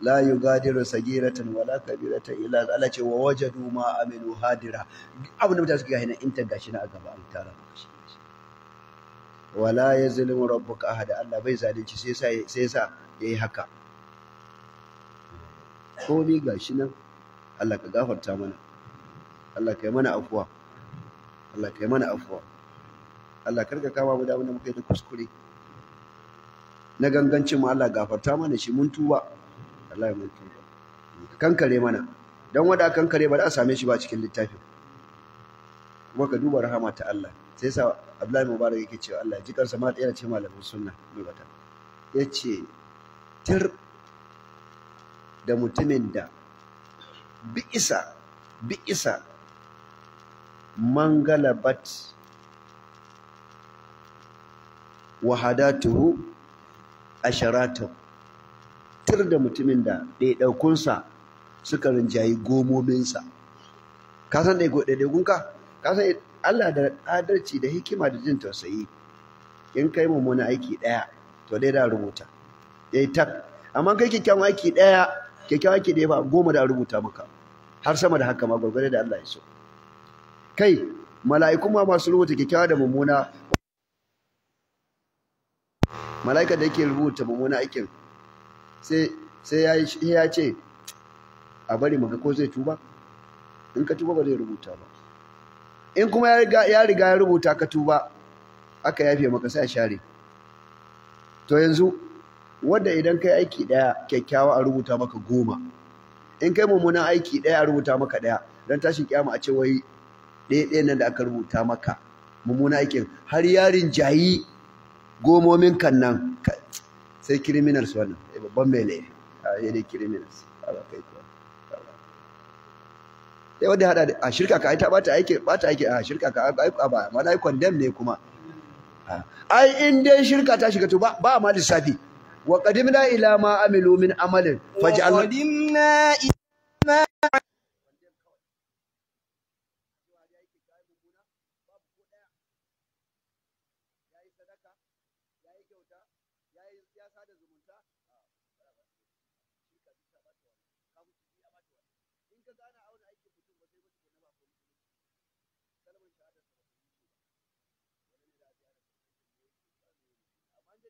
la yugadiru sagiratan wala kabirata illa Allah ce wa wajadu ma amilu hadira abin da mutane suke ga hina in gashi na a gaba an tara shi wala ya zulmu rabbuka ahada Allah bai zalunci sai sa sai sa yayi haka ni gashi nan Allah ka gafarta mana Allah kai mana afuwa Allah kai mana afuwa Allah karka kama mu da abin da muka yi da kuskure na gangancin mu Allah gafarta mana shi mun tuba Allah mun tuba kankare mana dan wanda kankare ba za a same shi ba cikin littafin kuma ka duba rahama ta Allah sai sa Abdullahi Mubarak yake cewa Allah ji kansa ma yana ce malamin sunna lugata yace tir da mutumin da bi'isa bi'isa mangalabat wahadatuhu asharatu tir da mutumin da sa suka rinjayi gomominsa ka san gunka ka san Allah da adalci da hikima da jin tausayi in kai mummuna aiki ɗaya to dai da rubuta dai tak amma kai kikkiawan aiki ɗaya kikkiawan aiki da ba goma da rubuta maka har sama da haka ma gwargwado da Allah ya so kai mala'iku ma masu rubuta kyakkyawa da mummuna mala'ika da yake rubuta mummuna aikin sai sai ya ce a bari maka ko zai tuba in ka tuba ba zai rubuta ba in kuma ya riga ya rubuta ka tuba aka yafe maka sai a share to yanzu wanda idan kai aiki daya kyakkyawa a rubuta maka goma in kai mummunan aiki daya a rubuta maka daya dan tashin kiyama a ce wai ɗaya ɗaya nan da aka rubuta maka mummunan aikin har yarin jayi gomomin kan nan sai criminals wannan eh, babban mai ne a criminals a kai kuwa sai wanda hada a shirka ka ta bata aiki bata aiki a shirka ka ai ba ma dai condemn ne kuma ai in dai shirka ta shiga to ba ba ma lissafi wa qadimna ila ma amilu min amalin faj'alna qadimna ila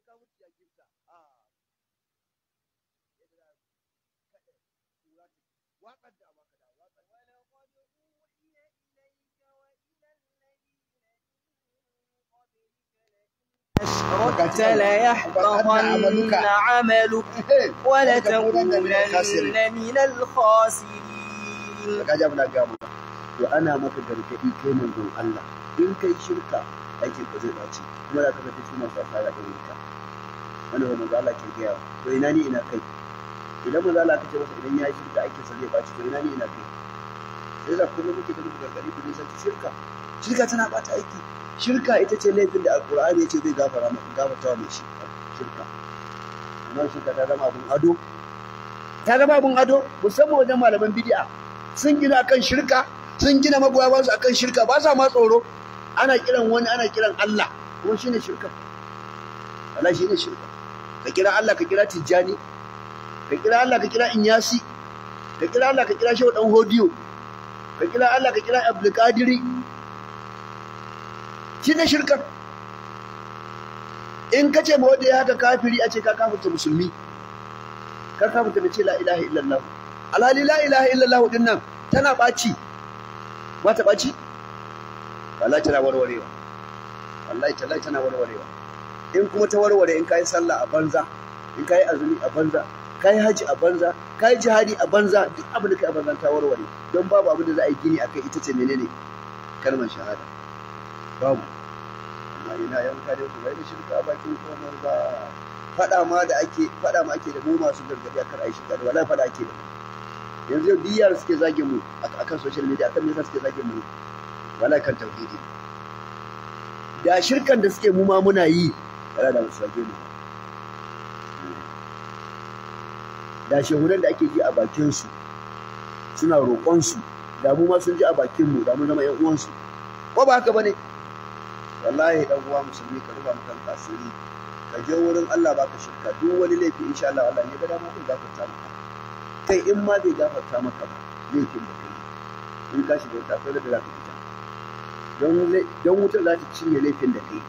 sai ka عملك ولا تكونن أشركت ليحبطن عملك ولتكونن من الخاسرين. وأنا ما تقدر تقول كلمة الله إن كي شركا aikin ba zai ɓaci kuma za ka zata cikin masu asara irin ka wanda wani zala ke gaya wa to ina ne ina kai idan mu zala ka ce masa idan ya yi shirka aikin sa zai ɓaci to ina ne ina kai sai za ku muke da muku gargaɗi ku nisanci shirka shirka tana ɓata aiki shirka ita ce laifin da alƙur'ani ya ce zai gafara maka gafarta mai shi shirka amma shirka ta zama abin ado ta zama abun ado musamman wajen malaman bidi'a sun gina akan shirka sun gina magoya ba su akan shirka ba sa ma tsoro ana kiran wani ana kiran Allah kuma shine shirka wala shine shirka ka kira Allah ka kira Tijjani ka kira Allah ka kira Inyasi ka kira Allah ka kira shi Dan Hodiyo ka kira Allah ka kira Abdul Qadiri shine shirka in ka ce ma wanda ya haka kafiri a ce ka kafirta musulmi ka kafirta da la ilaha illallah alhali la ilaha illallah dinnan tana ɓaci ba ta ɓaci wallahi tana warwarewa wallahi tallahi tana warwarewa in kuma ta warware in kai sallah a banza in kai azumi a banza kai haji a banza kai jihadi a banza duk abin da kai a banza ta warware don babu abin da za a yi gini akai ita ce menene kalmar shahada babu amma ina yanka dai ku bai da shirka bakin komai ba faɗa ma da ake faɗa ma ake da mu masu gargaɗi akan ai shirka da wala faɗa ake da yanzu yau biyar suke zage mu akan social media akan me suke zage mu wala kan tauhidi da shirkan da suke mu ma muna yi yana da musulmi ne da shehudan da ake ji a bakin su suna roƙon su da mu ma sun ji a bakin mu da mu zama ƴan uwansu ko ba haka bane wallahi dan uwa musulmi ka ruba mutan kasiri ka je wurin Allah baka shirka duk wani laifi insha Allah Allah ne ga dama zai gafarta maka kai in ma bai gafarta maka ba laifin da kai in ka shiga ta akwai da zaka don wutar za ta cinye laifin da kai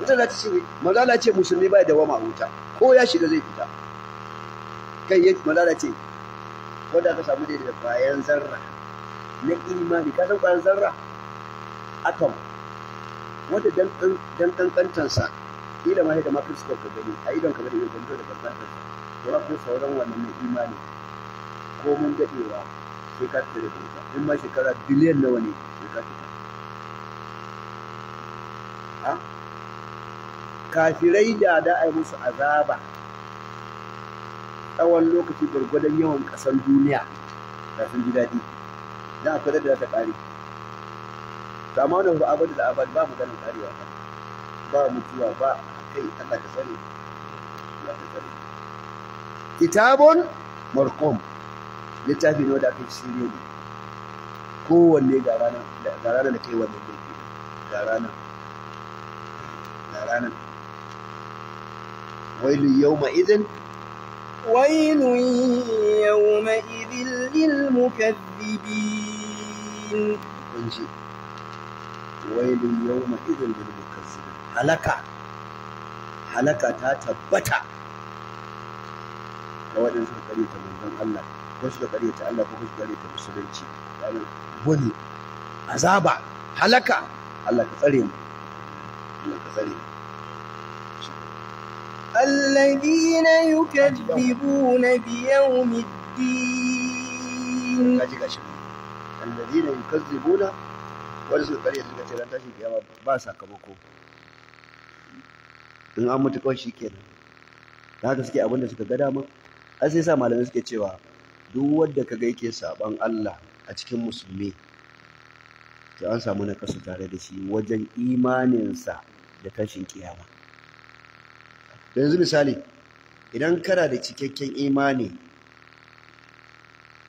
wutar za ta cinye mazala ce musulmi bai da wama wuta ko ya shiga zai fita kai ya mazala ce wanda ka samu daidai da bayan zarra na imani ka san bayan zarra atom wanda dan kankantansa ila ma da ma fuskar ka gani a idon ka da idon da kankantar to ko sauran wannan na imani ko mun daɗewa sai ka fita da kanka in ma shekara biliyan nawa ne sai ka fita kafirai da da a musu azaba tsawon lokaci gwargwadon yawan ƙasar duniya da sun ji daɗi don akwai da ta ƙare to amma wannan ba abin da abad ba maganin ƙarewa ba ba mutuwa ba kai Allah ka sani Allah ka sani kitabun marqum littafi ne wanda aka yi ne kowanne ga ranar da kai wannan mulki ga a ranar wailun yau ma'izin wailun yau ma'izin lilmukaddibin kunji wailun yau ma'izin lilmukaddibin halaka halaka ta tabbata ga waɗanda suka karyata manzon Allah ko suka ta Allah ko suka karyata musulunci ranar bone azaba halaka Allah ka tsare mu Allah ka tsare mu الذين يكذبون بيوم الدين الذين يكذبون wanda suka karya suka ce ran tashin kiyama ba sakamako in an mutu kawai shikenan da haka suke abinda suka ga dama ai sai sa malamai suke cewa duk wanda kaga yake saban Allah a cikin musulmi to an samu na kasu tare da shi wajen imaninsa da tashin kiyama yanzu misali idan kana da cikakken imani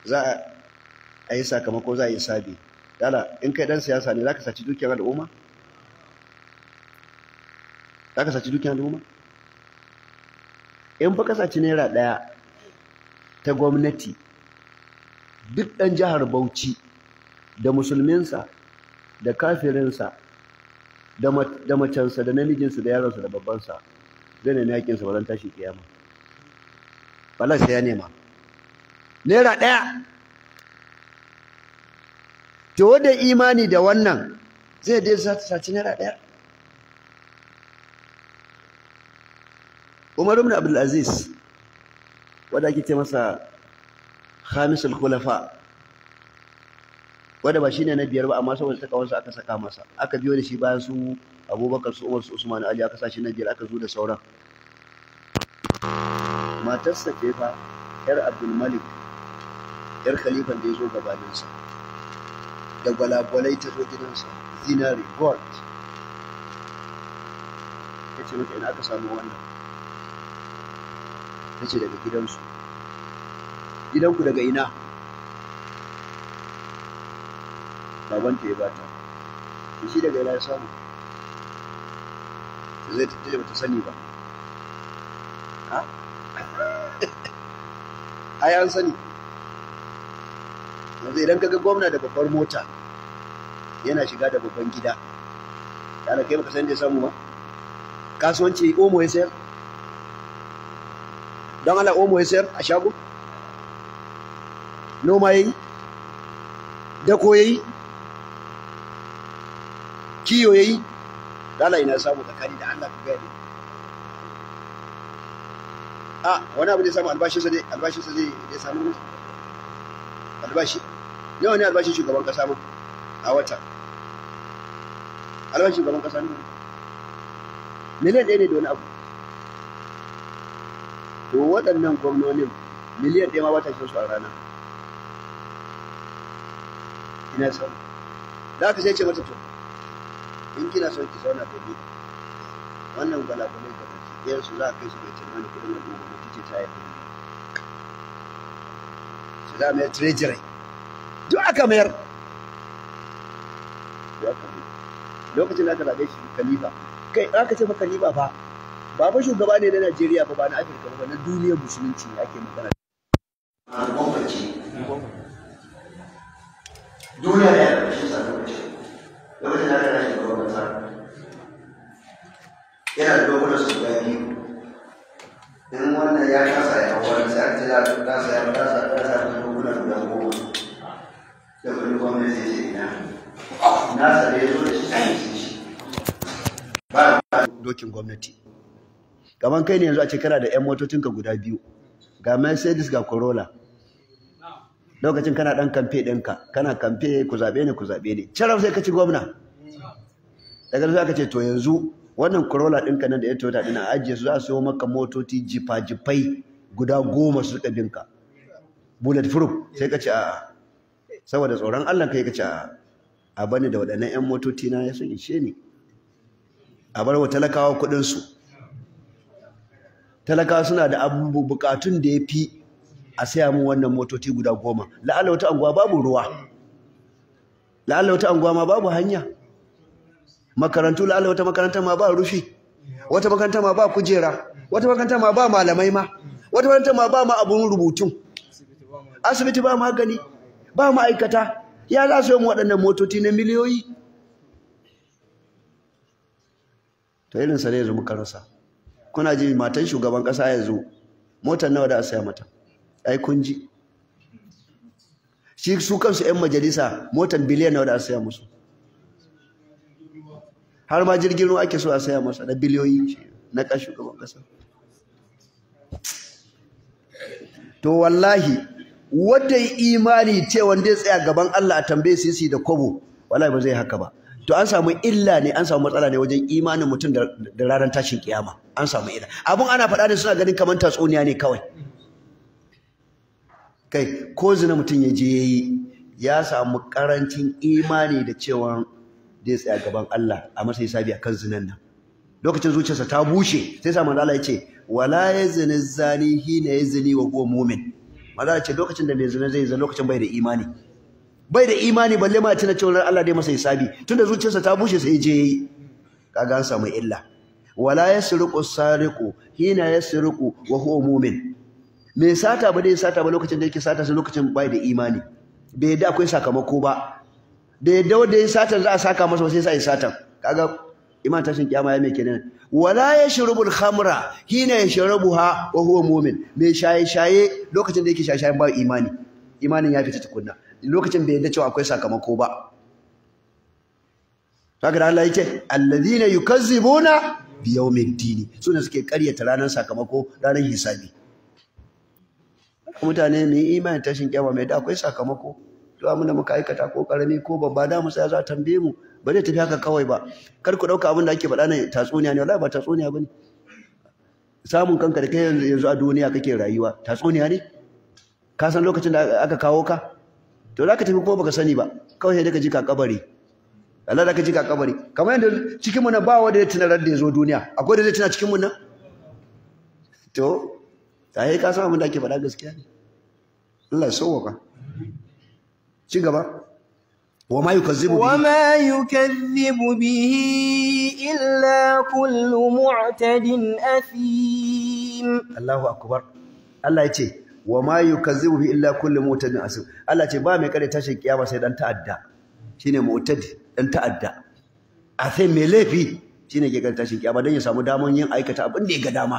za a yi sakamako za a yi sabi dala in kai dan siyasa ne za ka saci dukiyar al'umma za ka saci dukiyar al'umma in fa ka saci naira ɗaya ta gwamnati duk dan jihar bauchi da musulminsa da kafirinsa da macensa da namijinsa da yaransa, da babbansa zai nemi haƙƙinsa ba zan tashi kiyama wallahi sai ya nema naira ɗaya to wanda imani da wannan zai dai za ta saci naira ɗaya Umar ibn Abdul Aziz wanda ake ce masa khamisul khulafa wanda ba shine na biyar ba amma saboda ta kawansa aka saka masa aka biyo da shi bayan su abubakar su umar su usman ali aka sashi nan aka zo da sauran matarsa ke fa yar abdulmalik yar khalifan da ya zo gabaninsa da gwalagwalai ta zo gidansa zinari gold Ya ce mata ina aka samu wannan ta ce daga gidansu gidanku daga ina babanta ya bata shi daga ina ya samu zai tattale ba ta sani ba ai an sani yanzu idan kaga gwamna da babbar mota yana shiga da babban gida yana kai baka san da samu ba kasuwanci omo ya sayar don Allah omo ya sayar a shago noma ya yi dako ya yi kiyo ya yi lala ina samu tsakani da Allah ka gaya ne a wani abu ne samu albashinsa ne albashinsa zai ya samu ne albashi nawa ne albashi shugaban kasa mu a wata albashi shugaban kasa ne miliyan ɗaya ne da wani abu to waɗannan gwamnonin miliyan ɗaya ma wata shi su a rana ina samu da aka sai ce mata to in kina son ki zauna da ni wannan gwalagwalai da baki ɗaya su za a kai su bai tsammani kuɗin al'umma ba kike ta haifa su za mayar treasury duk aka mayar lokacin da aka zaɓe shi khalifa kai aka ce fa khalifa fa ba fa shugaba ne na Najeriya ba ba na Afirka ba na duniyar musulunci ne ake magana kamar kai ne yanzu a ce kana da ƴan motocinka guda biyu ga Mercedes ga Corolla lokacin kana dan kamfe ɗinka kana kamfe ku zaɓe ne ku zaɓe ne carab sai ka ci gwamna daga nan ka ce to yanzu wannan Corolla ɗinka nan da ya Toyota ɗin a ajiye su za su yi maka motoci jifa-jifai guda goma su rika binka bullet proof sai ka ce a'a saboda tsoron Allah kai ka ce a'a a bani da waɗannan ƴan motoci na ya sun ishe ni a bar wa talakawa kuɗinsu talaka suna da abu bukatun da ya fi a saya mu wannan motoci guda goma la'alla wata anguwa babu ruwa la'alla wata anguwa ma babu hanya makarantu la'alla wata makaranta ma ba rufi wata makaranta ma ba kujera wata makaranta ma ba malamai ma wata makaranta ma ba ma abun rubutun asibiti ba magani ba ma'aikata ya za su yi waɗannan motoci na miliyoyi to irinsa ne yanzu muka rasa kuna ji matan shugaban kasa ya zo motar nawa da a saya mata ai kun ji shi su kansu 'yan majalisa motar biliyan nawa da a saya musu har ma jirgin ruwa ake so a saya masa da biliyoyi na kan shugaban kasa to wallahi wadda imani ce wanda ya tsaya gaban Allah a tambaye sisi da Kobo, wallahi ba zai haka ba to an samu illa ne an samu matsala ne wajen imanin mutum da ranar tashin kiyama an samu illa abun ana faɗa ne suna ganin kamar tatsuniya ne kawai kai ko zina mutum ya je yayi ya samu karancin imani da cewa zai tsaya gaban Allah a masa hisabi kan zinan nan lokacin zuciyarsa ta bushe sai sa manzo Allah ya ce wala yazni zani hina yazni wa huwa mu'min ya ce lokacin da mai zina zai zan lokacin bai da imani bai da imani balle ma tana cewa Allah dai masa hisabi tunda zuciyarsa ta bushe sai je yi kaga an samu illa wala yasriqu sariqu hina yasriqu wa huwa mu'min me sata ba dai sata ba lokacin da yake sata sai lokacin bai da imani bai yadda akwai sakamako ba da yadda wanda ya sata za a saka masa sai sai satan kaga iman tashin kiyama ya mai kenan wala yashrubul khamra hina yashrubuha wa huwa mu'min me shaye shaye lokacin da yake shaye shaye ba imani imanin ya fita tukunna lokacin bai yadda cewa akwai sakamako ba haka da Allah yake alladhina yukazzibuna bi dini su ne suke karyata ranar sakamako ranar hisabi mutane mu yi imani tashin kyawa mai da akwai sakamako to amma da muka aikata ko karami ko babba da mu sai za ta tambaye mu ba zai tafi haka kawai ba kar ku dauka abin da ake faɗa nan tatsuniya ne wallahi ba tatsuniya bane samun kanka da kai yanzu a duniya kake rayuwa tatsuniya ne ka san lokacin da aka kawo ka to za ka tafi kuma baka sani ba kawai sai ji ka kabari Allah da ka ka kabari kamar yadda cikinmu na ba wanda ya tuna ran da ya zo duniya akwai da zai tuna cikinmu na to ta yi ka san abin da ake faɗa gaskiya ne Allah ya sauwaka ci gaba وما يكذب به وما يكذب به إلا كل معتد أثيم الله أكبر الله ce. wa ma yukazzibu bi illa kullu mu'tadin asim Allah ce ba mai kare tashin kiyama sai dan ta'adda shine mu'tadi dan ta'adda a sai mai laifi shine ke kare tashin kiyama dan ya samu damon yin aikata abin da ya ga dama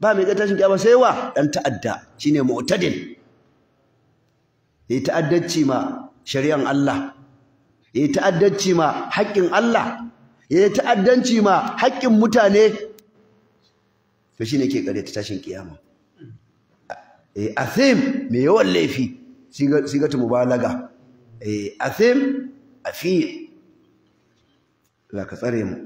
ba mai kare tashin kiyama sai wa dan ta'adda shine mu'tadin yi ta'addanci ma shari'an Allah yi ta'addanci ma haƙƙin Allah yi ta'addanci ma haƙƙin mutane to shine ke kare tashin kiyama Eh, a athim me yole fi siga ta mubalaga eh, athim a fi la ka tsare mu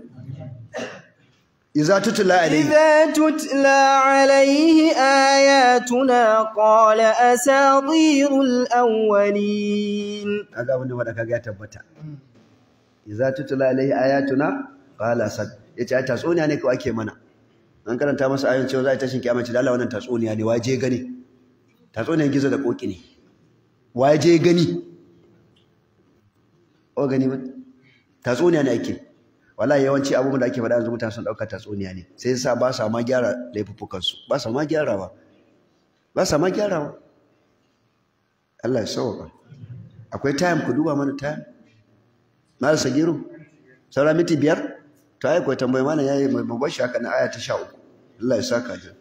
Iza izatutu la'alaihi ayatuna kola a sabirul awwalin a gabin da wada ka gata bata izatutu la'alaihi ayatuna kola a sabirul awwalin ita ya tatsuniya ne kawai ke mana an karanta masu ayyancin za a tashin kyamanci dala wannan tatsuniya ne waje gani tatsuniyar gizo da koki ne wa je gani o gani ba tatsuniya ne ake wallahi yawanci abubuwan da ake faɗa yanzu mutane sun ɗauka tatsuniya ne sai sa ba sa ma gyara laifuffukansu ba sa ma gyara ba Ba sa ma gyara ba. Allah ya sauka akwai time ku duba mana time na da sagiru saura miti biyar ta aiko tambayi mana yayi yi babbar haka na aya ta uku. Allah ya saka jin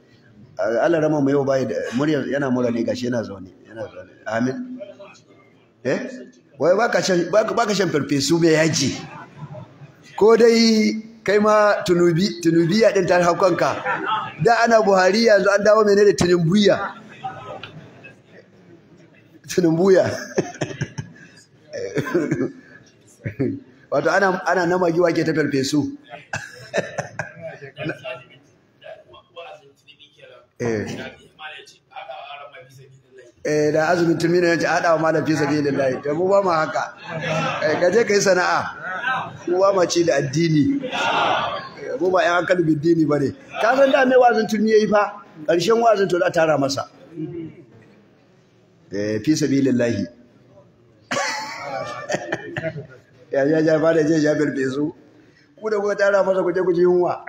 Allah rama mu yau bai da murya yana mura ne gashi yana zaune yana zaune amin eh wai baka shan baka shan farfesu mai yaji ko dai kai ma tunubi tunubiya din ta hakonka da ana buhari yanzu an dawo menene tunumbuya tunumbuya wato ana ana namagiwa ke ta farfesu Eh. eh da azumin tumina yace hada wa malam fi sabilillah to mu ba mu haka eh ka je kai sana'a mu ba mu ci da addini eh, mu ba yan akalu bidini bane ka san da mai wazin tumi yayi fa karshen wazin to da tara masa eh fi sabilillah ya ya ya ba da je ya birbe su ku da ku tara masa ku je ku ji yunwa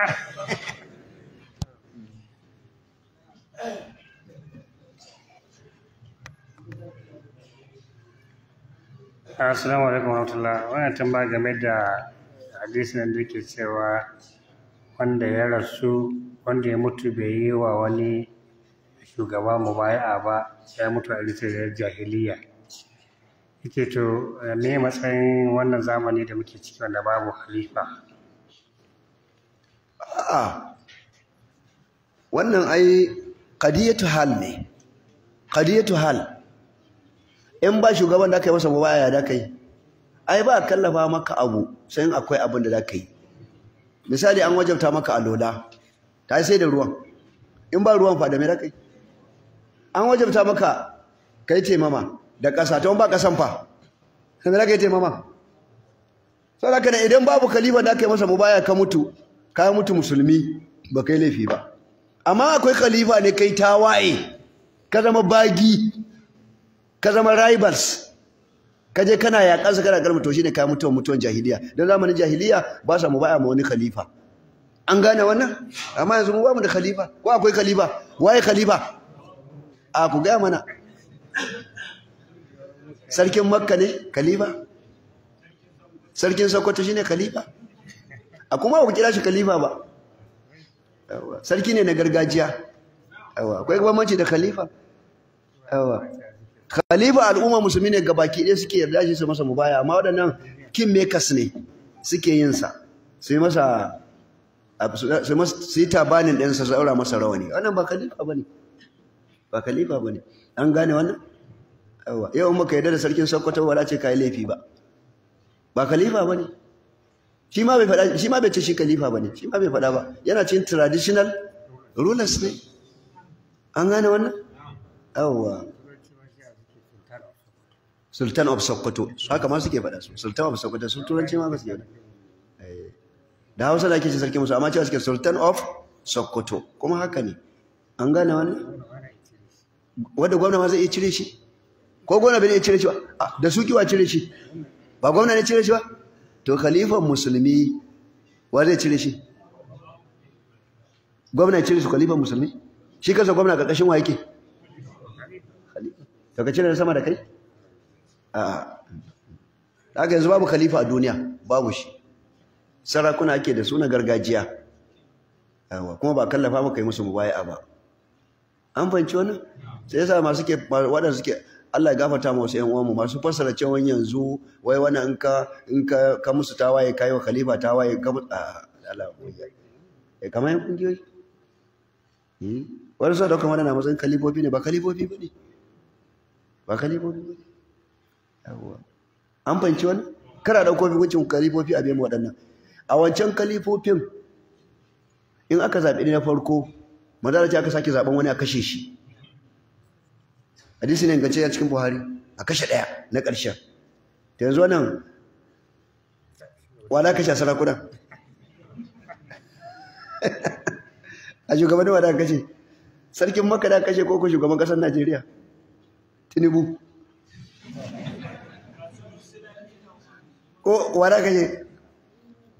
Ah, assalamu alaikum warahmatullah wannan tamba game da hadisin da yake cewa wanda ya rasu wanda ya mutu bai yi wa wani shugaba mu mubaya'a ba ya mutu a rijiyar jahiliya yake to me matsayin wannan zamani da muke ciki wanda babu Khalifa. a'a wannan ai kadiyatu hal ne kadiyatu hal in ba shugaban da kai masa ba ya da kai ai ba kallafa maka abu sai in akwai abin da za ka yi misali an wajabta maka alola ta sai da ruwan in ba ruwan fa da me da ka yi an wajabta maka kai taimama da ƙasa ta ba ƙasan fa sai da kai taimama saboda kana idan babu khalifa da kai masa mubaya ka mutu ka mutu musulmi ba kai laifi ba amma akwai khalifa ne kai tawaye ka zama bagi ka zama rivals ka je kana yaƙar sa kana garma to shine kai mutuwan mutuwan jahiliya dan zamanin jahiliya ba sa mu baya ma wani khalifa an gane wannan amma yanzu mu ba mu da khalifa ko akwai khalifa waye khalifa a ku ga mana sarkin makka ne khalifa sarkin sokoto shine khalifa a kuma ku kira shi khalifa ba sarki ne na gargajiya akwai bambanci da khalifa khalifa al'umma musulmi ne gabaki ɗaya suke yarda shi su masa mubaya amma waɗannan king makers ne suke yin sa su yi masa su yi tabanin ɗansa su ɗaura masa rawani wannan ba khalifa bane ba khalifa bane an gane wannan yau in baka yarda da sarkin sokoto wala ce ka yi laifi ba ba khalifa bane shi ma bai faɗa shi ma bai ce shi khalifa bane shi ma bai faɗa ba yana cin traditional rulers ne an gane wannan yawwa sultan of sokoto haka ma suke faɗa su sultan of sokoto sun turanci ma ba su yi eh. da hausa da ake ce sarki musu amma cewa suke sultan of sokoto kuma haka ne an gane wannan wanda gwamna ma zai iya cire shi ko gwamna bai iya cire shi ba ah, da su kiwa cire shi ba gwamna ne cire shi ba to khalifan musulmi wa zai cire shi gwamna cire su khalifan musulmi shi kansa gwamna ƙarƙashin wa yake to ka cire sama da kai a haka yanzu babu khalifa a duniya babu shi sarakuna ake da suna gargajiya yawa kuma ba kallafa maka yi musu mubaya ba an fanci wani sai yasa masu ke waɗanda suke Allah ya gafarta ma wasu ƴan uwanmu masu fassara cewa yanzu wai wani in ka in ka ka musu tawaye kai wa khalifa tawaye ga Allah ya eh kamar yan kungiyoyi hmm? wani sa dauka wannan na matsayin khalifofi ne ba khalifofi bane ba khalifofi bane yawa an fanci wani kara dauko hukuncin khalifofi a bayan waɗannan a wancan khalifofin in aka zaɓi na farko madara aka sake zaɓen wani a kashe shi hadisi ne gance ya cikin buhari a kashe ɗaya na ƙarshen ta yanzu wannan wala kashe sarakuna a shugabannin wada kashe sarkin maka da kashe koko shugaban ƙasar najeriya tinubu ko wada kashe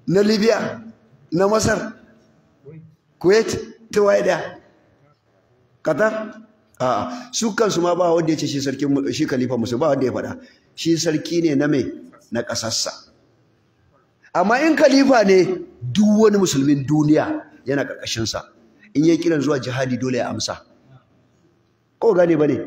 na libya na masar kuwait ta waye daya qatar a'a su kansu ma ba wanda ya ce shi sarki shi khalifa musu ba wanda ya faɗa shi sarki ne na me na ƙasarsa amma in kalifa ne duk wani musulmin duniya yana ƙarƙashinsa in yi kiran zuwa jihadi dole ya amsa ko gane ba ne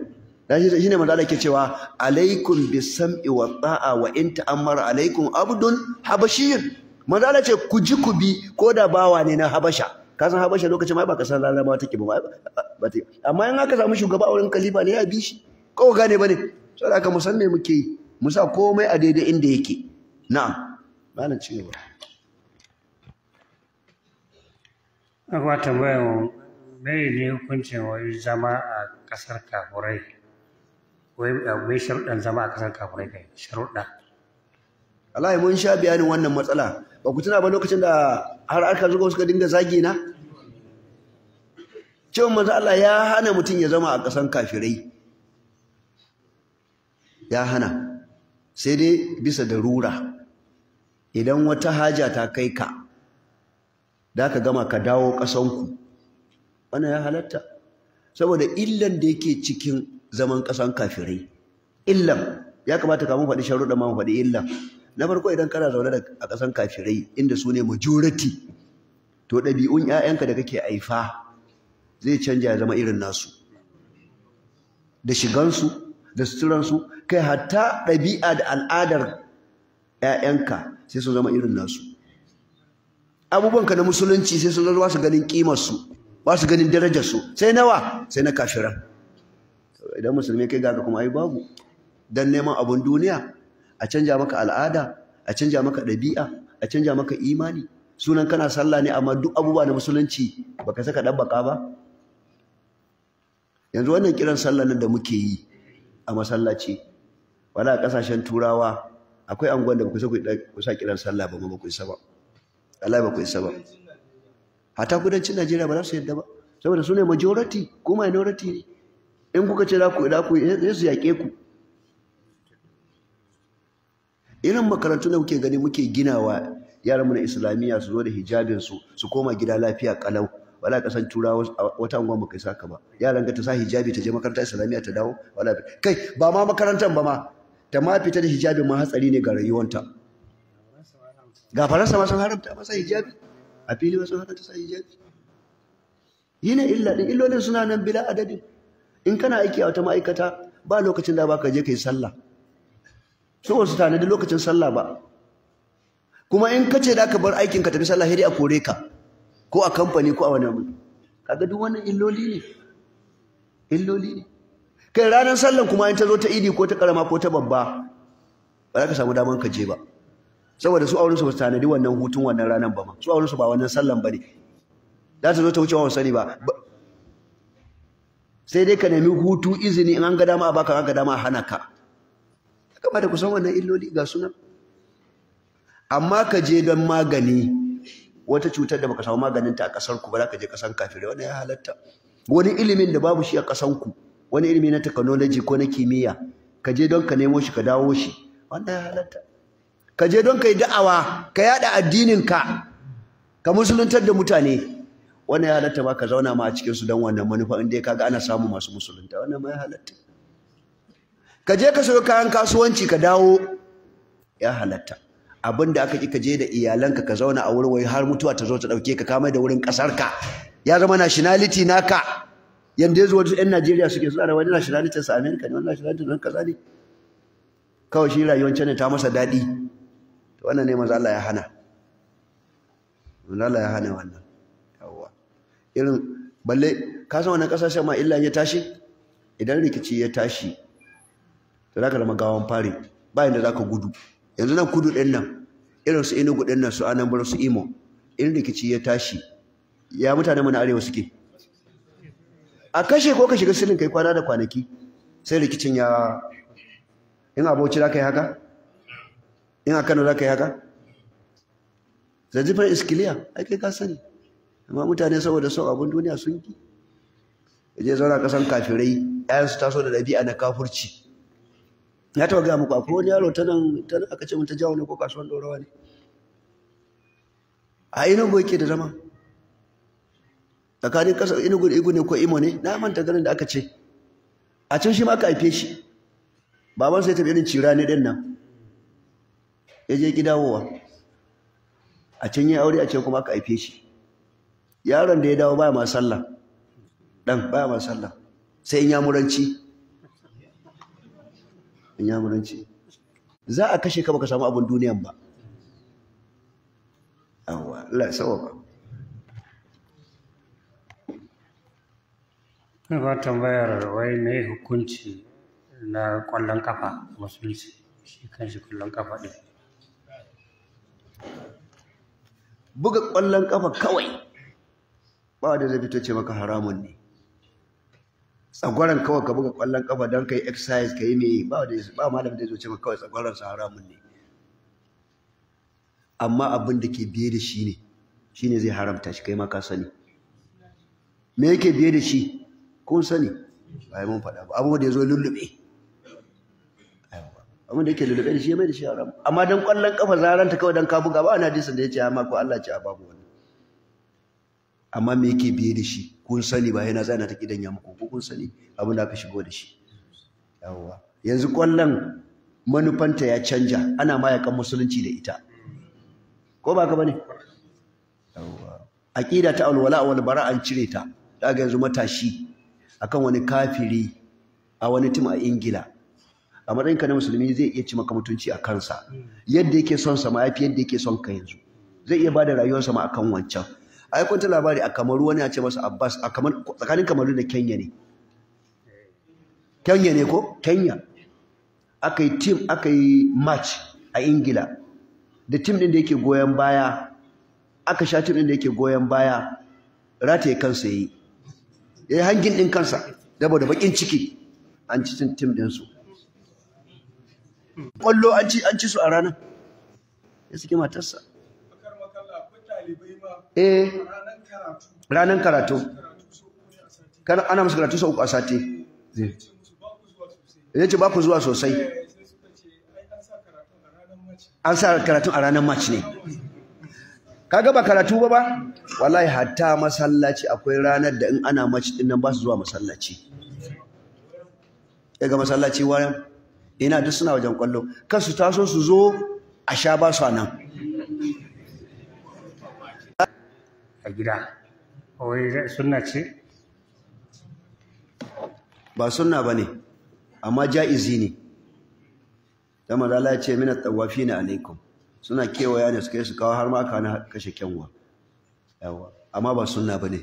shi ne manzo ke cewa alaikum bisam'i wa ta'a wa in ta'ammara alaikum abdun habashiyin manzo ce ku ji ku bi ko da bawa ne na habasha ka san habasha lokacin ma ba ka san lalabawa take ba ba take amma in aka samu shugaba a wurin kalifa ne ya bi shi ko gane ne. saboda haka mu san me muke yi mu sa komai a daidai inda yake na'am malam ci gaba akwai tambayar mai ne hukuncin wai zama a ƙasar kafurai wai eh, mai sharuɗan zama a ƙasar kafurai kai sharuɗa Allah mun sha bayanin wannan matsala ba ku tuna ba lokacin da har aka zuga suka dinga zagina? na cewa manzo Allah ya hana mutum ya zama a ƙasan kafirai ya hana sai dai bisa da rura. idan wata haja ta kai ka da ka gama ka dawo ƙasanku Wani ya halatta saboda illan da yake cikin zaman ƙasan kafirai illan ya kamata ka mun faɗi sharuɗa ma mu faɗi illan na farko idan kana zaune a ƙasan kafirai inda su ne majority to ɗabi'un 'ya'yanka da kake aifa. zai canja ya zama irin nasu da shigansu da suturansu kai hatta ɗabi'a da al'adar 'ya'yanka sai su zama irin nasu abubuwanka na musulunci sai sun zama su ganin kimarsu ba su ganin darajarsu sai nawa sai na kashiran idan musulmi kai gaga kuma ai babu Don neman abin duniya a canja maka al'ada a canja maka ɗabi'a a canja maka imani sunan kana sallah ne amma duk abubuwa na musulunci baka saka ɗabbaka ba yanzu wannan kiran sallah nan da muke yi a masallaci wala kasashen turawa akwai anguwan da kusa ku sa kiran sallah ba ba ku isa ba Allah ba ku isa ba hata kudancin Najeriya ba za su yadda ba saboda su ne majority ko minority ne in kuka ce za ku da ku sai su yaƙe ku irin makarantu da kuke gani muke ginawa yaran mu na islamiyya su zo da hijabin su su koma gida lafiya kalau wala kasan turawa wata unguwa mu kai saka ba yaran ga ta sa hijabi ta je makaranta islamiyya ta dawo wala kai ba ma makarantar ba ma ta ma fita da hijabi ma hatsari ne ga rayuwanta ga faransa ma sun haramta masa hijabi a fili ma sun haramta sa hijabi yana illa din illolin suna nan bila adadin in kana aiki a wata ma'aikata ba lokacin da baka je kai sallah so wasu tanadi lokacin sallah ba kuma in kace da ka bar aikin ka tafi sallah sai a kore ka ko a kamfani ko a wani abu kaga duk wannan illoli ne illoli ne kai ranar sallan kuma in ta zo ta idi ko ta karama ko ta babba ba za ka samu daman ka je ba saboda su aurensu ba su tanadi wannan hutun wannan ranar ba ma su aurensu ba wannan sallan ba ne za ta zo ta wuce wa sani ba sai dai ka nemi hutu izini in an ga dama a baka an ga dama a hana ka kamata ku san wannan illoli ga suna amma ka je don magani wata cutar da baka samu maganin ta a kasar ku ba za ka je kasan kafirai wannan ya halatta wani ilimin da babu shi a kasan ku wani ilimi na technology ko na kimiyya ka je don ka nemo shi ka dawo shi wannan ya halatta ka je don ka yi da'awa ka yada addinin ka ka musuluntar da mutane wannan ya halatta ba ka zauna ma a cikin su don wannan manufa in dai kaga ana samu masu musulunta wannan ma ya halatta ka je ka sayo kayan kasuwanci ka dawo ya halatta abinda aka ki ka je da iyalanka ka zauna a wurin wai har mutuwa ta zo ta dauke ka kamar da wurin kasar ka ya zama nationality naka yanda yazo wasu 'yan Najeriya suke suna da wani nationality sa America ne wani nationality don kaza ne kawai shi rayuwar can ta masa dadi to wannan ne manzo Allah ya hana manzo Allah ya hana wannan yawa irin balle ka san wannan kasashen ma illa ya tashi idan rikici ya tashi to zaka zama gawan fare ba inda zaka gudu yanzu nan kudu ɗin nan irin su inugu ɗin nan su anambra su imo in rikici ya tashi ya mutane mu na arewa suke a kashe ko ka shiga sirrin kai kwana da kwanaki sai rikicin ya in aboci za ka yi haka in a kano za ka yi haka zazzifar iskiliya ai kai ka sani amma mutane saboda son abin duniya sun ki ya je zauna kasan kafirai 'ya'yansu taso da ɗabi'a na kafurci ya taɓa gaya muku akwai wani yaro ta nan ta nan aka ce mun ta jawo ne ko kasuwan dorawa ne a inugu yake da zama tsakanin ƙasa inugu da igu ne ko imo ne na manta ganin da aka ce a can shi ma aka haife shi baban sai tafi irin cira ne ɗin nan ya je ki dawowa a can ya aure a can kuma aka haife shi yaron da ya dawo baya ma sallah ɗan baya ma sallah sai in ya muranci in yamuranci za a kashe ka baka samu abin duniyan ba yawwa Allah ya ba na ba tambayar wai me hukunci na kwallon kafa musulci shi kan shi kwallon kafa ɗin buga kwallon kafa kawai ba da zafi to ce maka haramun ne tsagwaran kawai ka buga kwallon kafa don ka yi exercise ka yi mai ba ba malam da zuci kawai tsagwaran sa haramun ne amma abin da ke biye da shi ne shi ne zai haramta shi kai ma ka sani me yake biye da shi kun sani ba yi mun faɗa ba abubuwa da ya zo lullube abin da yake lullube da shi ya mai da shi haram amma don kwallon kafa ta kawai don ka buga ba wani hadisin da ya ce ya ma ko Allah ce a babu wani amma me yake biye da shi kun sani ba yana zana ta gidan ya muku ko kun sani abin da aka shigo da shi yawwa yanzu kwallon manufanta ya canja ana mayakan musulunci da ita ko ba ka bane yawwa aqida ta alwala wal bara an cire ta daga yanzu matashi akan wani kafiri a wani tim a ingila a ka na musulmi zai iya ci maka mutunci a kansa yadda yake son sa ma yafi yadda yake son ka yanzu zai iya bada rayuwarsa ma akan wancan ai kun ta labari a kamaru wani ya ce masa abbas a kamar tsakanin kamaru da kenya ne kenya ne ko kenya aka yi team aka yi match a ingila da team ɗin da yake goyon baya aka sha team ɗin da yake goyon baya rataye kansa yi ya yi hangin ɗin kansa da bakin ciki an ci team din su kwallo an ci su a ranar ya suke matarsa eh ranan karatu kana ana musu karatu sau uku a sati yace ba ku zuwa sosai an sa karatu a ranar match ne kaga ba karatu ba ba wallahi hatta masallaci akwai ranar da in ana match din nan ba su zuwa masallaci ga masallaci wayan ina duk suna wajen kwallo kan su taso su zo a sha ba su nan a gida wai suna ce ba suna ba ne amma ja'izi ne da madala ce mina tawafi na alaikum suna kewaya ne su kai su kawo har ma aka na kashe kyanwa yawa amma ba suna ba ne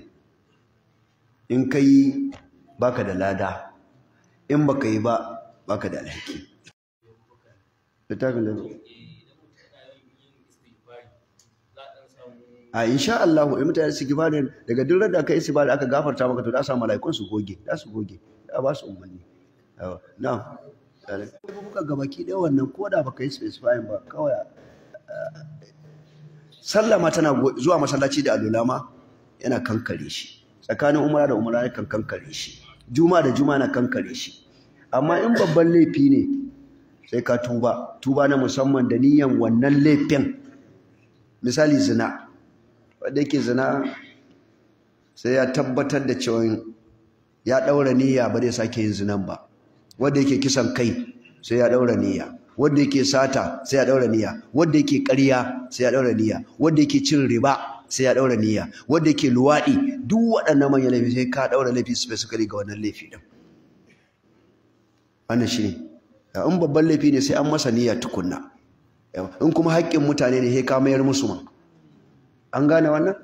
in ka yi baka da lada in baka yi ba baka da alhaki a insha Allah in mutane su ne daga duk da aka yi da aka gafarta maka to da samu malaikun su goge da su goge da ba su umarni na kuka gaba baki wannan ko da baka yi specifying ba kawai sallama tana zuwa masallaci da alulama yana kankare shi tsakanin umara da umara ya kan kankare shi juma da juma na kankare shi amma in babban laifi ne sai ka tuba tuba na musamman da niyan wannan laifin misali zina faɗe yake zina sai ya tabbatar da cewa ya ɗaura niyya ba zai sake yin zinan ba wanda yake kisan kai sai ya ɗaura niyya wanda yake sata sai ya ɗaura niyya wanda yake ƙarya sai ya ɗaura niyya wanda yake cin riba sai ya ɗaura niyya wanda yake luwaɗi duk waɗannan manyan laifi sai ka ɗaura laifi su specifically ga wannan laifi din wannan ne, in babban laifi ne sai an masa niyya tukunna in kuma haƙƙin mutane ne sai ka mayar musu ma an gane wannan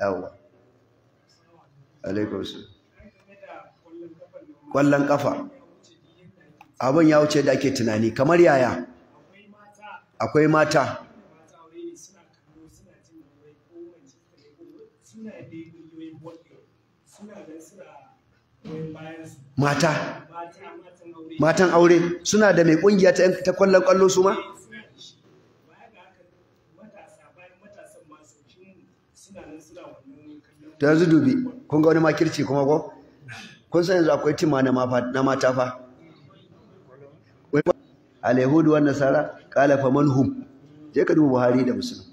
yawwa alaikum kwallon kafa abin ya wuce da ake tunani kamar yaya akwai mata mata matan aure suna da mai kungiya ta ta kwallon kwallo su ma to yanzu dubi kun ga wani makirci kuma ko kun san yanzu akwai tima na mata fa al nasara qala faman hum je ka duba buhari da muslim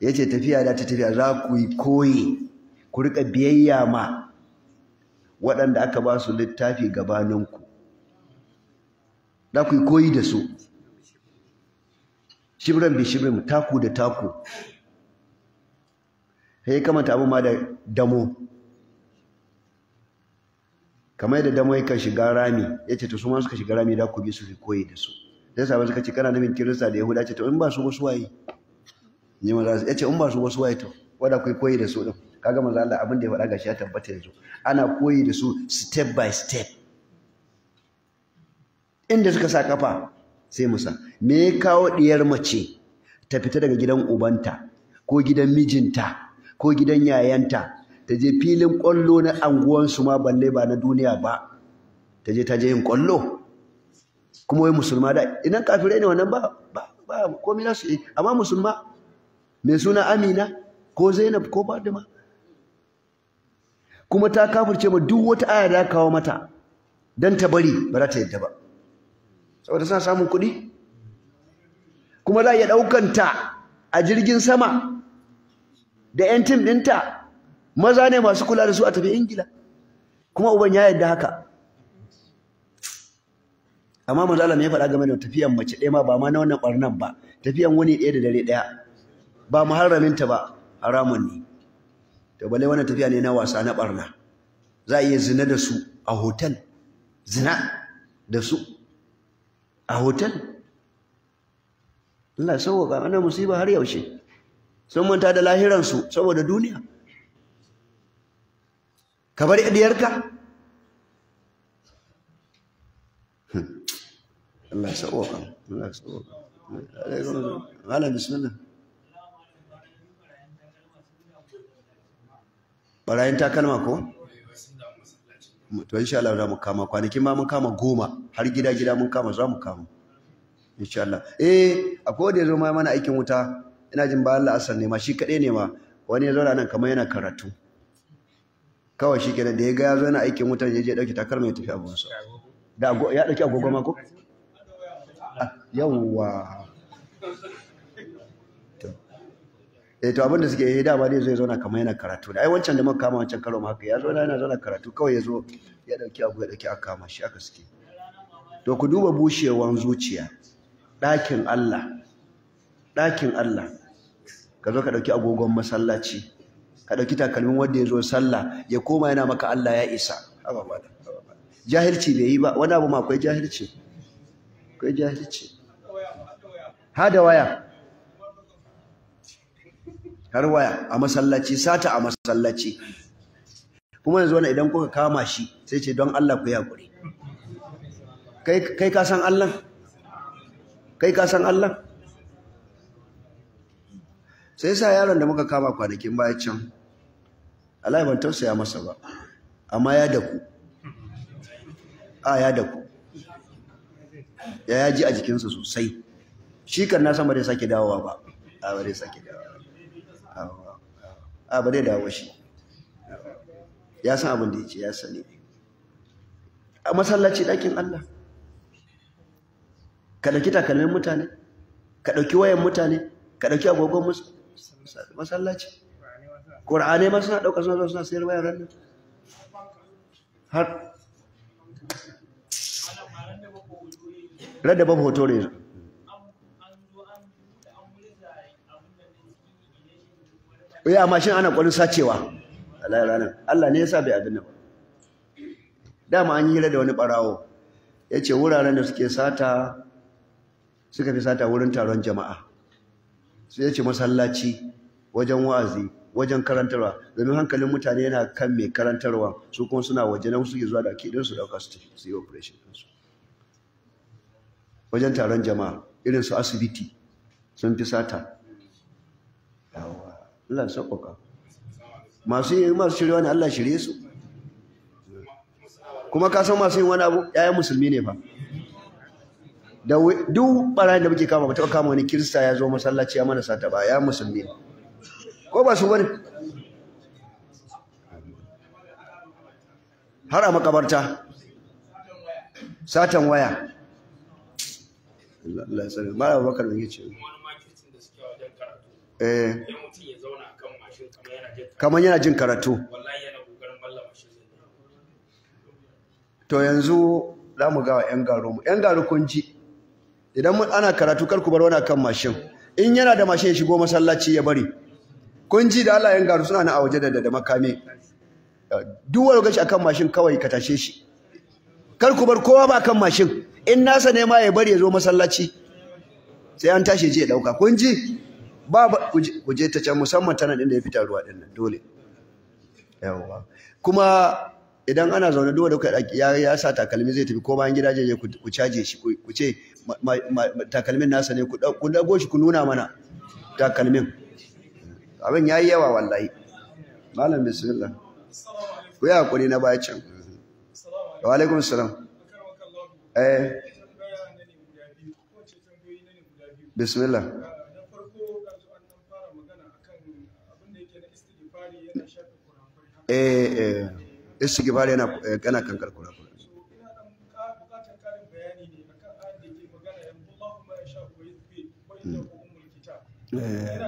yace tafiya da ta tafiya za ku yi koyi ku rika biyayya ma waɗanda aka ba su littafi gabaninku za ku yi koyi da su shibran bi shibran taku da taku sai kamata abin ma da damo kamar da damo yakan shiga rami ya ce to su ma suka shiga rami da ku bi su koyi da su sai sabon suka ce kana nufin kirista da yahuda ce to in ba su wasu waye ne maza ya ce in ba su wasu waye to wanda ku koyi da su din kaga maza Allah abin da ya faɗa gashi ya tabbata yanzu ana koyi da su step by step inda suka sa kafa sai musa me ya kawo diyar mace ta fita daga gidan ubanta ko gidan mijinta ko gidan yayanta ta je filin ƙwallo na anguwansu ma balle ba na duniya ba ta je ta je yin ƙwallo kuma wai musulma da idan kafirai ne wannan ba ba ba komai na su yi amma musulma mai suna amina ko zainab ko fatima kuma ta kafirce ma duk wata aya da kawo mata don ta bari ba za ta yadda ba saboda suna samun kuɗi kuma za a iya ɗaukanta a jirgin sama da 'yan tim ɗinta maza ne masu kula da su a tafi ingila kuma uban ya yadda haka amma manzo Allah ya faɗa game da tafiyan mace ɗaya ma ba ma na wannan ɓarnan ba tafiyan wani ɗaya da dare ɗaya ba ta ba haramun ne to bale wannan tafiya ne na wasa na ɓarna za a iya zina da su a hotel zina da su a hotel Allah ga ana musiba har yaushe sun manta da lahiransu saboda duniya ka bar idiyarka Allah ya sauwaka Allah ya sauwaka Allah bismillah barayin takalma ko to insha Allah za mu kama kwanakin ma mun kama goma har gida gida mun kama za mu kama insha Allah eh akwai wanda ya zo ma mana aikin wuta ina jin Allah la'asar ne ma shi kaɗai ne ma wani ya zauna nan kamar yana karatu kawai shi kenan da ya ga ya zo yana aikin mutane ya je ɗauki takalma ya tafi sa da ya ɗauki agogo ma ko ah, yawwa eh to abinda suke yi dama dai zai zauna kamar yana karatu da ai wancan da muka kama wancan karo haka ya zo yana zauna karatu kawai ya zo ya ɗauki abu ya ɗauki aka kama shi aka suke to ku duba bushewan zuciya ɗakin Allah ɗakin Allah ka zo ka ɗauki agogon masallaci ka ɗauki takalmin wanda ya zo sallah ya koma yana maka Allah ya isa jahilci bai yi ba wani abu ma akwai jahilci akwai jahilci ha da waya har waya a masallaci sata a masallaci kuma yanzu wani idan kuka kama shi sai ce don Allah ku yaƙuri kai ka san Allah kai ka san Allah sai sa yaron da muka kama kwanakin baya can Allah ban tausaya masa ba amma ya daku a ya daku ya yaji a jikinsa sosai shi kan na san ba zai sake dawowa ba a ba zai sake dawowa a ba zai dawo shi ya san abin da ya ce ya sani a masallaci ɗakin Allah ka ɗauki takalmin mutane ka ɗauki wayan mutane ka ɗauki agogon musu masallaci ƙur'anai ma suna ɗauka suna suna sayar bayan ranar har rada babu hoto ne ya eh, mashin ana ƙwarin sacewa Allah ne ya sa bai abin nan dama an yi da wani ɓarawo ya ce wuraren da suke sata suka fi sata wurin taron jama'a sai ya ce masallaci wajen wa'azi wajen karantarwa domin hankalin mutane yana kan mai karantarwa su kuma suna waje na suke zuwa da ake idan su dauka su yi operation kansu wajen taron jama'a irin su asibiti sun fi sata Allah masu yi masu shirya ne Allah shirye su kuma ka san masu yin wani abu ƴaƴan musulmi ne ba. da duk barayin da muke kama ba taɓa kama wani kirista ya zo masallaci ya mana sata ba ya musulmi ko ba su bane har a makabarta satan waya mara bakar ce kamar yana jin karatu to yanzu za mu gawa 'yan garo mu 'yan garo kun ji idan ana karatu kar ku bar wani akan mashin in yana da mashin ya shigo masallaci ya bari kun ji da Allah yan garu suna na a waje da da makami duk wani gashi akan mashin kawai ka tashe shi kar ku bar kowa ba akan mashin in nasa ne ma ya bari ya zo masallaci sai an tashi je ya dauka kun ji ba ku je ta can musamman tana din da ya fita ruwa din nan dole yawa kuma idan ana zaune duk da kuka ya ya sa takalmi zai tafi ko bayan gida je ku caje shi ku ce takalmin nasa ne ku dago shi ku nuna mana takalmin abin ya yi yawa wallahi malam bismillah ku yi hakuri na baya can wa alaikum salam eh bismillah eh eh eh, yana eh, eh Eh.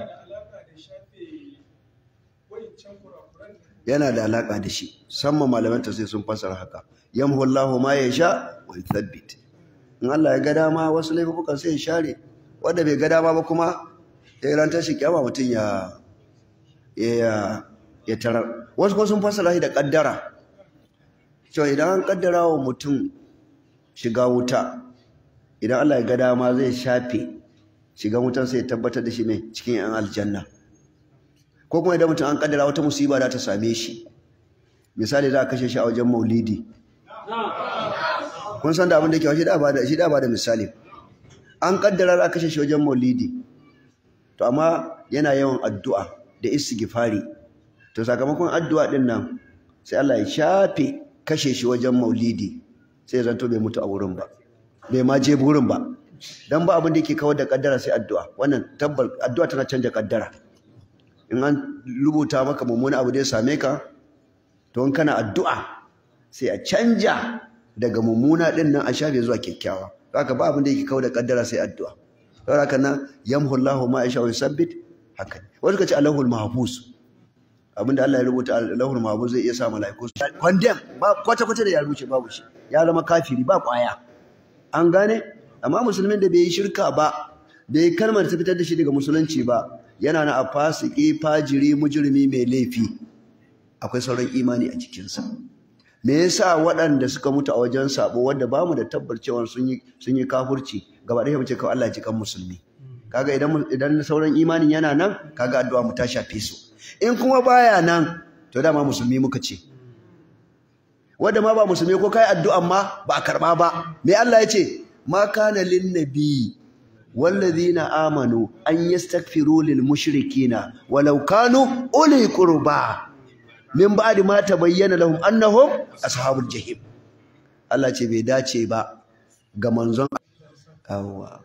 yana da alaƙa da shi musamman malaman sai sun fasara haka yamhullahu ma ya sha wa yuthabbit in Allah ya ga dama wasu laifukan sai ya share wanda bai ga dama ba kuma ya ranta shi kiyama mutum ya ya ya tarar wasu kuma sun fasara shi da kaddara cewa idan an kaddara wa mutum shiga wuta idan Allah ya ga dama zai shafe Shiga wutar sai ya tabbatar da shi ne cikin yan aljanna ko kuma idan mutum an kaddara wata musiba da ta same shi misali za a kashe shi a wajen maulidi kun san da abin da ke shi da shi da ba da misali an kaddara za a kashe shi wajen maulidi to amma yana yawan addu'a da istighfari to sakamakon addu'a din nan sai Allah ya shafe kashe shi wajen maulidi sai zanto bai mutu a wurin ba bai ma je wurin ba dan ba abin da yake kawar da kaddara sai addu'a wannan tabbar addu'a tana canja kaddara in an rubuta maka mummuna abu da ya same ka to in kana addu'a sai a canja daga mummuna din nan a shafe zuwa kyakkyawa haka ba abin da yake kawar da kaddara sai addu'a saboda haka nan yamhu Allahu ma yasha wa yusabbit haka wani kace Allahul mahfuz da Allah ya rubuta Allahul mahfuz zai iya sa malaiku su condemn ba kwata kwata da ya rubuce babu shi ya zama kafiri ba kwaya an gane amma musulmin da bai yi shirka ba bai kalmar ta fitar da shi daga musulunci ba yana na a fasiki fajiri mujirmi mai laifi akwai sauran imani a cikinsa me yasa waɗanda suka mutu a wajen sabo wanda ba mu da tabbar cewa sun yi sun gaba ɗaya mu ce kawai Allah ya ji kan musulmi kaga idan sauran imanin yana nan kaga addu'a mu ta shafe su in kuma baya nan to dama musulmi muka ce wanda ma ba musulmi ko kai addu'an ma ba a karba ba me Allah ya ce ma kana lin nabi wallazina amanu an yastaghfiru lil mushrikina walau kanu uli qurba min ba'di ma tabayyana lahum annahum ashabul jahim Allah ce bai dace ba ga manzon Allah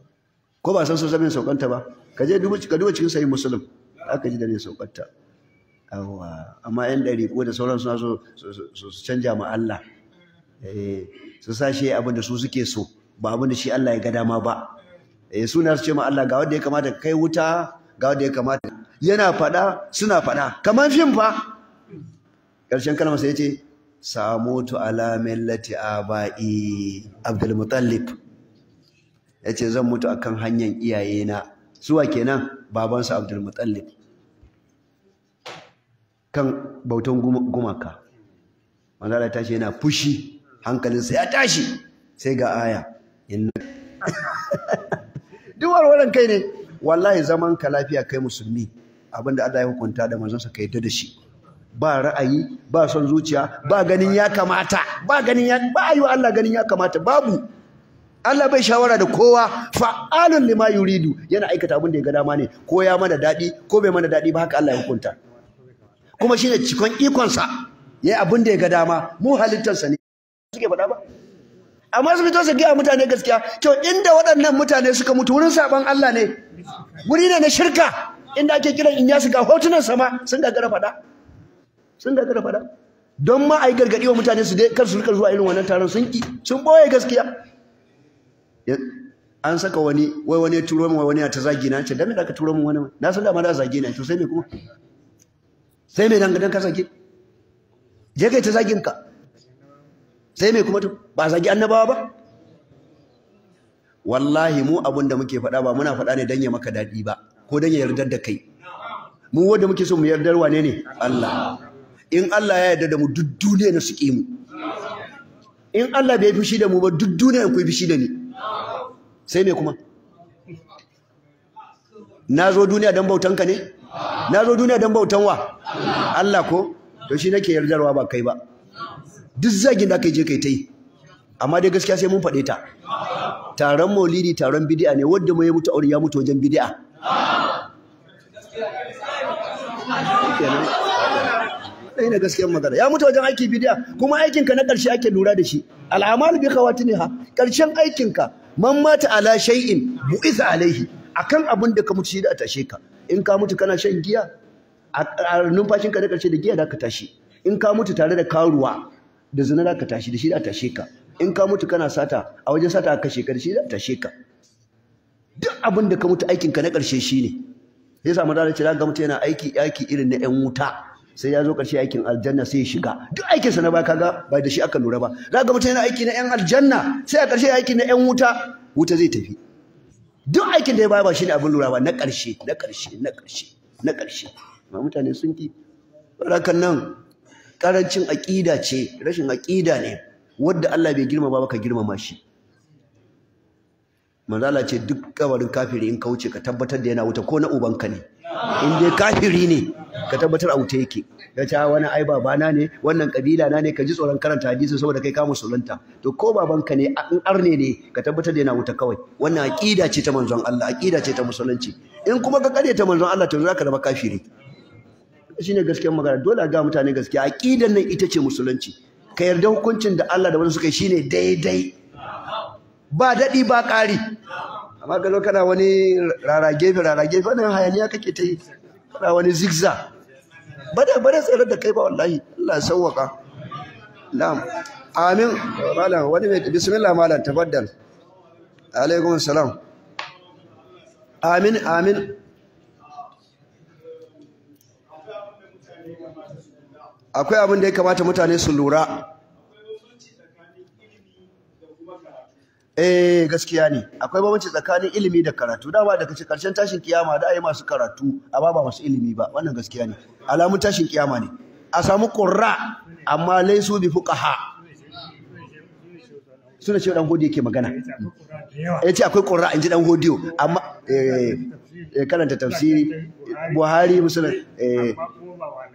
ko ba san so sabin saukanta ba ka je duba ka duba cikin sahih muslim aka ji da ne saukanta yawa amma yan dari ko da sauran suna so su canja ma Allah eh su sashe abin da su suke so ba abin da shi Allah ya ga dama ba ya eh, suna su ce ma Allah ga wanda ya kamata kai wuta ga wanda ya kamata yana fada suna fada kamar fim fa karshen kalmar sai yace samutu ala millati abai Abdul Ya ce zan mutu akan hanyar iyayena suwa kenan babansa Abdul kan bautan gumaka manzo ta ce yana fushi hankalinsa ya tashi sai ga aya duk warwaran kai ne wallahi zaman ka lafiya kai musulmi abinda Allah ya hukunta da manzansa ka da shi ba ra'ayi ba son zuciya ba ganin ya kamata ba ganin ya ba ayu Allah ganin ya kamata babu Allah bai shawara da kowa fa'alun lima yuridu yana aikata abin da ya ga dama ne ko ya mana daɗi ko bai mana daɗi ba haka Allah ya hukunta kuma shine cikon ikonsa yayi abin da ya ga dama mu halittarsa ne suke faɗa ba amma su fito su gaya mutane gaskiya to inda waɗannan mutane suka mutu wurin saban Allah ne wuri ne na shirka inda ake kiran in ya shiga hotunan sama sun gagara fada sun gagara fada don ma a yi gargaɗi wa mutane su dai kar su rika zuwa irin wannan taron sun ki sun ɓoye gaskiya an saka wani wai wani ya turo min wai wani ya ta zagi na ce dan me da ka turo min wani na san da ma da zagi na to sai me kuma sai me dan ka zagi. je kai ta zagin ka sai mai kuma to ba zagi annabawa ba wallahi mu abinda muke faɗa ba muna faɗa ne don ya maka daɗi ba ko don ya yardar da kai mu wanda muke so mu yardar wane ne Allah in Allah ya yarda da mu duk duniya na suke mu in Allah bai fushi da mu ba duk duniya ku fushi da ni sai me kuma na zo duniya don bautan ka ne na zo duniya don bautan wa Allah ko to shi nake yardarwa ba kai ba duk zagin da aka je kai ta yi amma dai gaskiya sai mun faɗe ta taron maulidi taron bidi'a ne wanda mai mutu aure ya mutu wajen bidi'a ɗaya gaskiyar magana ya mutu wajen aiki bidiya kuma aikinka na ƙarshe ake lura da shi al'amal bi ha, ƙarshen aikinka man mata ala shay'in bu'itha alaihi akan abin da ka mutu shi da a tashe ka in ka mutu kana shan giya a numfashinka na ƙarshe da giya da ka tashi in ka mutu tare da karuwa da zina da ka tashi da shi da tashe ka in ka mutu kana sata a wajen sata aka sheka da shi da tashe ka duk abin da ka mutu aikin ka na ƙarshe shine sai sa madara ce ga mutu yana aiki aiki irin na yan wuta sai ya zo ƙarshe aikin aljanna sai ya shiga duk aikin sa na ba kaga bai da shi aka lura ba za ga mutu yana aiki na yan aljanna sai a ƙarshe aiki na yan wuta wuta zai tafi duk aikin da ya baya ba shine abin lura ba na ƙarshe na ƙarshe na ƙarshe na ma mutane sun ki rakan nan karancin aqida ce rashin aqida ne wanda Allah bai girmama ba ka girmama shi manzala ce duk kabarin kafiri in ka wuce ka tabbatar da yana wuta ko na ubanka ne in dai kafiri ne ka tabbatar a wuta yake ya ce wani ai babana ne wannan kabila na ne ka ji tsoron karanta hadisi saboda kai ka musulunta to ko babanka ne in arne ne ka tabbatar da yana wuta kawai wannan aqida ce ta manzon Allah aqida ce ta musulunci in kuma ka kare ta manzon Allah to zaka zama kafiri shine gaskiyar magana dole a ga mutane gaskiya aqidar nan ita ce musulunci ka yarda hukuncin da Allah da wani suka yi shine daidai ba daɗi ba ƙari amma ga kana wani raragefe raragefe wannan hayaniya kake ta yi kana wani zigza bada bada tsare da kai ba wallahi Allah sauwaka na'am amin malam wani mai bismillah malam tabaddal alaikum assalam amin amin akwai abin da ya kamata mutane su lura eh gaskiya ne akwai bambanci tsakanin ilimi da karatu dama daga karshen tashin kiyama da yi masu karatu a ba masu ilimi ba wannan gaskiya ne alamun tashin kiyama ne a samu qurra amma laisu bi fuqaha suna cewa dan hodiyo yake magana ya ce akwai ƙura in ji dan hodiyo amma eh, eh, karanta tafsiri buhari musulun eh,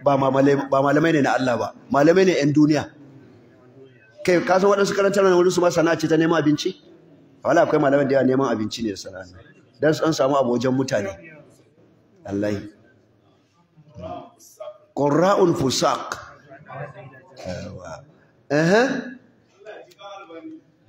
ba malamai ne na Allah ba malamai ne 'yan duniya kai ka san waɗansu karantar da wurinsu ma sana'a ce ta neman abinci wala akwai malamai da yawa neman abinci ne da sana'a dan su an samu abu wajen mutane Allah qurra'un fusaq eh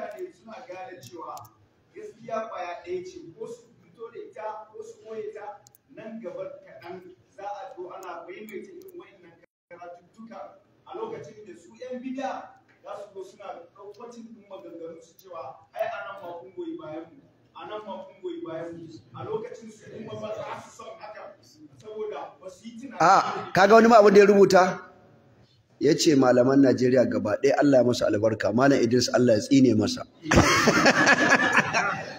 mutane suna gane cewa gaskiya kwaya ɗaya ce ko su fito da ita ko su koye ta nan gaba kaɗan za a zo ana maimaita irin wa'annan karatuttuka a lokacin da su 'yan bida za su zo suna ɗaukacin ɗin maganganu su cewa ai a nan ma kun goyi bayan mu a nan ma kun goyi bayan mu a lokacin su kuma ba za su son haka saboda ba su yi tunani. a ah, kaga wani ma abin da ya rubuta ya ce malaman Najeriya gaba ɗaya Allah ya masa albarka malam Idris Allah ya tsine masa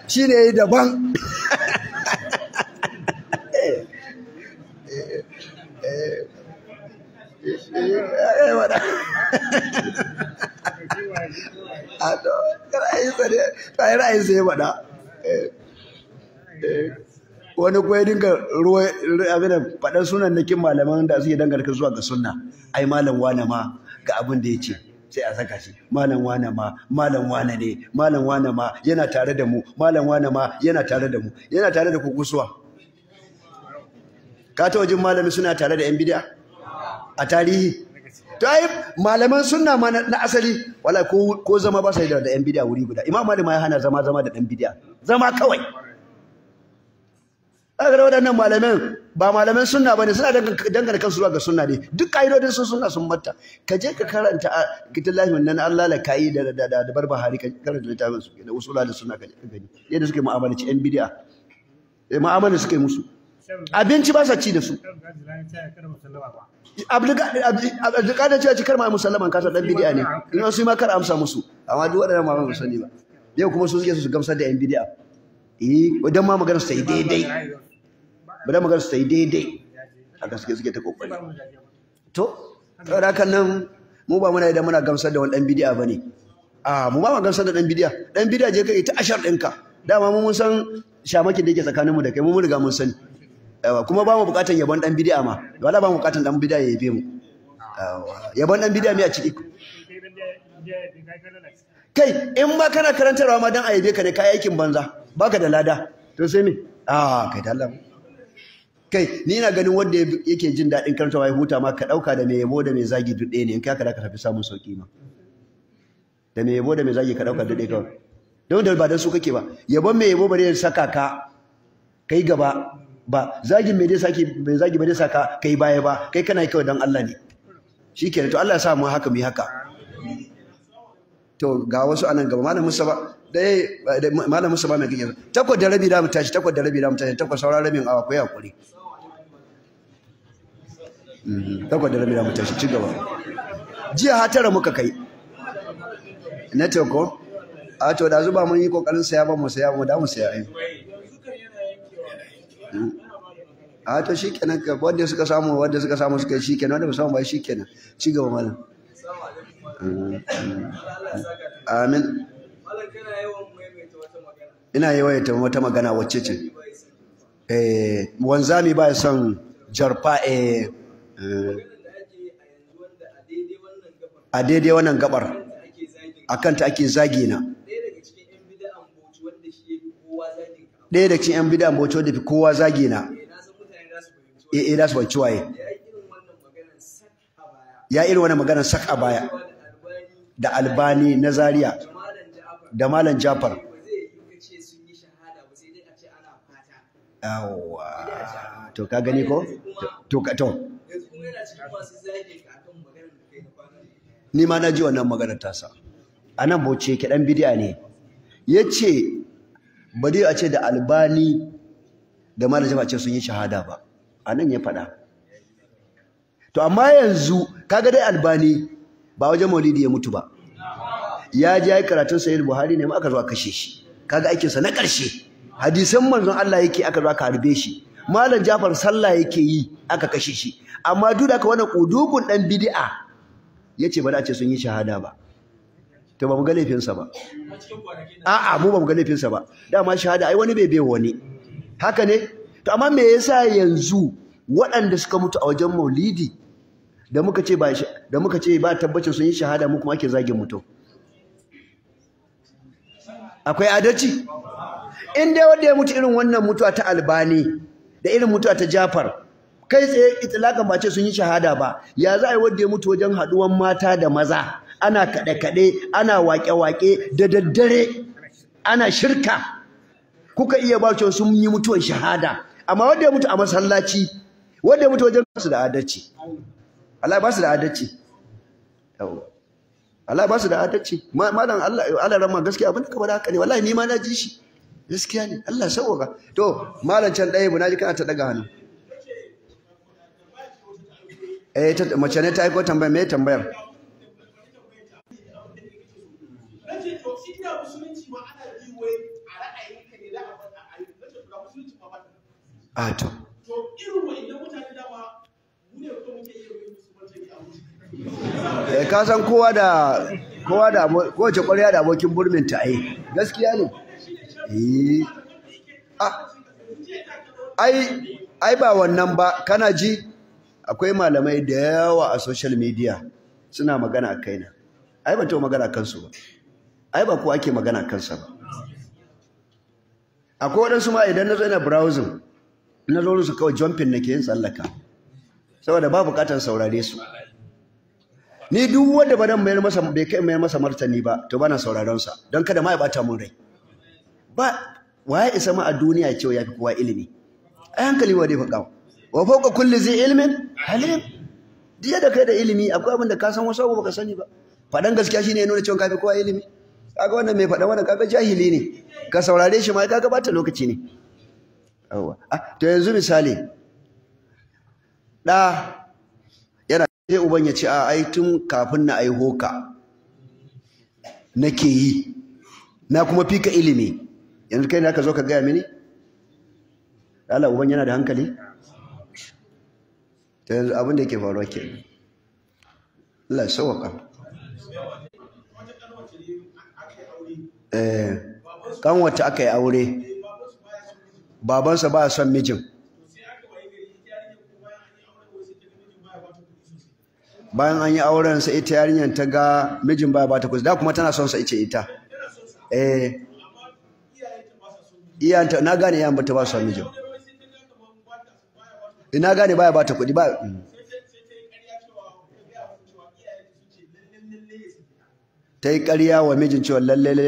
shi ne daban ra'ayinsa wani kuma ya dinga ruwa abin faɗan sunan nakin malaman da suke danganta zuwa ga sunna ai malam wane ma ga abin da ya ce sai a saka shi malam wane ma malam wane ne malam wane ma yana tare da mu malam wane ma yana tare da mu yana tare da kukusuwa ka ta wajen malami suna tare da yan bid'a a tarihi to ai malaman sunna ma na asali wala ko zama ba sai da yan bid'a wuri guda imam malik ya hana zama zama da dan bid'a zama kawai kaga da waɗannan malaman ba malaman sunna bane suna dangana kansu zuwa ga sunna ne duk kaidodin sun sunna sun batta ka je ka karanta kitallahi wannan Allah la kai da da da hari ka karanta littafin su da usula da sunna ka gani yadda suke mu'amalanci yan bid'a eh, mu'amalan suke musu abinci ba sa ci da su abdulkadir ce ci karma musallaman kasa dan bid'a ne in su ma kar amsa musu amma duk waɗannan ma ba sani ba yau kuma su suke su gamsar da yan bid'a eh wajen ma magana su sai daidai bari magana su ta yi daidai a gaske suke ta kokari to saboda kan nan mu ba muna idan muna gamsar da wani dan bidiya bane a mu ba mu gamsar da dan bidiya dan bidiya je kai ta ashar ɗinka dama mu mun san shamakin da yake tsakaninmu da kai mu mun riga mun sani kuma ba mu bukatan yabon dan bidiya ma wala ba mu bukatan dan bidiya ya yabe mu yabon dan bidiya me a ciki kai in ba kana karantarwa ma dan a yabe ka ne kai aikin banza baka da lada to sai me a kai da Allah kai ni ina ganin wanda yake jin daɗin wa ya huta ma ka ɗauka da mai yabo da mai zagi duk ɗaya ne in kai haka da ka tafi samun sauƙi ma da mai yabo da mai zagi ka ɗauka duk ɗaya kawai don da ba don su kake ba yabon mai yabo bare saka ka kai gaba ba zagin mai dai saki mai zagi bare saka kai baya ba kai kana kawai don Allah ne shikenan to Allah ya sa mu haka mu haka to ga wasu anan gaba malam Musa ba dai malam Musa ba mai ganye takwas da rabi da mu tashi takwas da rabi da mu tashi takwas sauran rabin awa ko hakuri Mhm. takwas da rabi da mu tashi cigaba. jiya ha tara muka kai na ce a to da zuba mun yi kokarin saya ba mu saya mu da mu saya ai mhm. a to shikenan ka wanda suka samu wanda suka samu suka shikenan wanda ba samu ba shikenan cigaba gaba malam mhm. amin ina yawaita wata magana wacce ce eh wanzami ba son jarfa eh a daidai wannan gabar a kanta ake zage na ɗaya da cikin 'yan bidan bauchi wanda fi kowa zage eh, eh, na eh da su banci waye ya irin wani maganar sak a baya da albani na zaria da malam jafar to ka gani ko to ni ma na ji wannan maganar tasa a nan bauchi yake dan bidiya ne ya ce ba dai a ce da albani da malam jama'a ce sun yi shahada ba a nan ya faɗa to amma yanzu kaga dai albani ba wajen maulidi ya mutu ba ya ji ya yi karatun sayyid buhari ne ma aka zo a kashe shi kaga aikinsa na ƙarshe hadisan manzon Allah yake aka zo aka harbe shi malam jafar sallah yake yi aka kashe shi amma duk da wani wannan ɗan bidi'a, ya ce ba da ce sun yi shahada ba to ba mu ga laifinsa ba a'a mu ba mu ga laifinsa ba dama shahada ai wani bai bai wani haka ne to amma me yasa yanzu waɗanda suka mutu a wajen maulidi da muka ce ba da tabbacin sun yi shahada mu kuma ake zagin mutum akwai adalci in dai wanda ya mutu irin wannan mutuwa ta albani da irin mutuwa ta jafar kai tsaye itilakan ba ce sun yi shahada ba ya za a yi wadda ya mutu wajen haɗuwan mata da maza ana kaɗe-kaɗe ana waƙe-waƙe da daddare ana shirka kuka iya ba ce sun yi mutuwar shahada amma wadda ya mutu a masallaci wadda ya mutu wajen ba su da adalci Allah ba su da adalci Allah ba su da adalci malam Allah Allah rama gaskiya abin da ka bada haka ne wallahi ni ma na ji shi gaskiya ne Allah sauka to malam can ɗaya bu na ji kana ta daga hannu eh mace ne ta aiko tambayar me tambayar a ah, to eh ka san kowa da kowa da kowace ƙwarya da abokin burmin ta ai eh, gaskiya ne eh ah. ai ai ba wannan ba kana ji akwai malamai da yawa a social media suna magana a kaina ai ba taɓa magana kansu ba ai ba ko ake magana kansa ba akwai waɗansu ma idan na zo ina browsing na zo su kawai jumping nake yin tsallaka saboda ba buƙatar saurare su ni duk wanda ba dan mayar masa bai kai mayar masa martani ba to bana sauraron sa don kada ma ya bata mun rai ba waye isa ma a duniya ya ce ya fi kowa ilimi ai hankali wa dai fa kawai wa fawqa kulli zi ilmin halim diya da kai da ilimi akwai abinda ka san wasu ka sani ba fadan gaskiya shi ne ya nuna cewa kafin kowa ilimi kaga wannan mai fadan wannan kaga jahili ne ka saurare shi ma kaga bata lokaci ne yawa ah, to yanzu misali da yana sai uban ya ce a ai tun kafin na aiho ka nake yi na kuma fika ilimi yanzu kai ne aka zo ka gaya mini Allah uban yana da hankali ta yanzu abin da ke faruwa ke Allah sauwaka eh kan wacce aka yi aure babansa ba son mijin bayan an yi auren sa ita yarinyar ta ga mijin baya ba ta kusa da kuma tana son sa ice ita eh iyanta na gane yan ba ta ba son mijin ina gane baya bata kuɗi ba ta yi ƙarya wa mijin cewa lalle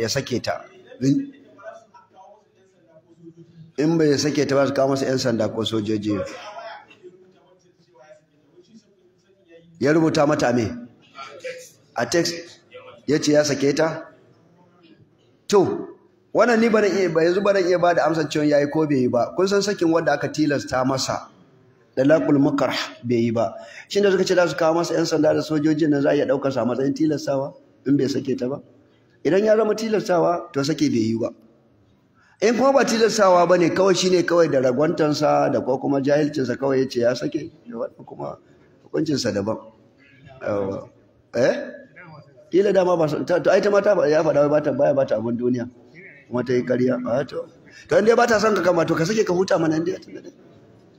ya sake ta in bai sake ta ba su kawo masa 'yan sanda ko sojoji ya rubuta mata me a text ya ce ya sake ta to wannan ni bana iya yanzu bana iya bada amsar cewa yayi ko bai yi ba kun san sakin wanda aka tilasta masa laqul mukarh bai yi ba shin da suka ce za su kawo masa yan sanda da sojojin nan za a iya daukar sa matsayin tilastawa in bai sake ta ba idan ya zama tilastawa to sake bai yi ba in kuma ba tilastawa ba ne kawai shine kawai da ragwantansa da ko kuma jahilcinsa kawai ya ce ya sake wannan kuma hukuncinsa daban eh kila dama ba to ai ta mata ya faɗa ba ta baya ba ta abin duniya kuma ta yi karya, a to to inda ba ta son ka kama to ka sake ka huta mana inda ta dade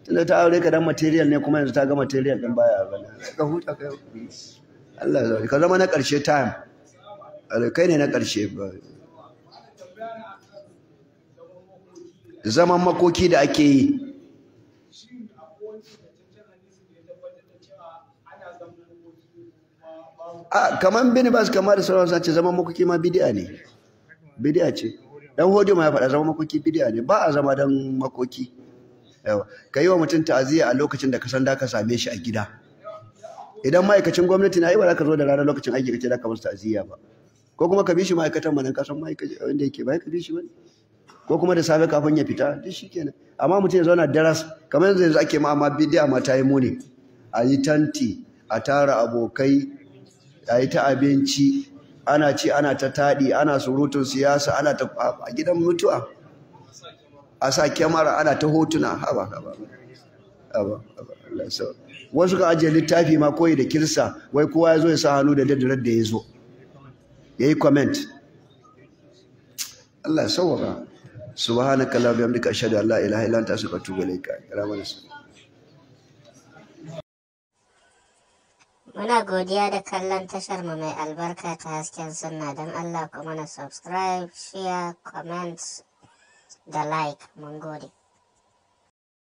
tunda ta aure ka dan material ne kuma yanzu ta ga material din baya bane ka huta kai Allah ya zauri ka zama na ƙarshe time kai ne na ƙarshe ba zaman makoki da ake yi a bini ba su kamar da sauransu ce zaman makoki ma bidi'a ne bidi'a ce dan hodiyo ma ya faɗa zama makoki bidiya ne ba a zama dan makoki ka yi wa mutum ta'aziyya a lokacin da ka san da ka same shi a gida idan ma'aikacin gwamnati na yi ba za ka zo da ranar lokacin aiki kace da ka musu ta'aziyya ba ko kuma ka bi shi ma'aikatan manan ka san ma'aikaci wanda yake ba ka bi shi bane ko kuma da safe kafin ya fita duk shikenan amma mutum ya zauna daras kamar yanzu yanzu ake ma amma bidiya ma ta yi muni a yi tanti a tara abokai a yi ta abinci ana ci, ana ta taɗi ana surutun siyasa ana ta a gidan mutuwa a sa kyamara ana ta hotuna haba haba haba haba wasu ka ajiye littafi ma koyi da kirsa wai kowa ya zo ya sa hannu da daddarar da ya zo ya yi comment Allah ya sauwaka subhanaka la bihamdika ashhadu an la ilaha illa anta astaghfiruka wa atubu ilaik Muna godiya da kallon tashar mu mai albarka ta hasken sunna don Allah kuma na subscribe, share, comment da like. Mun gode.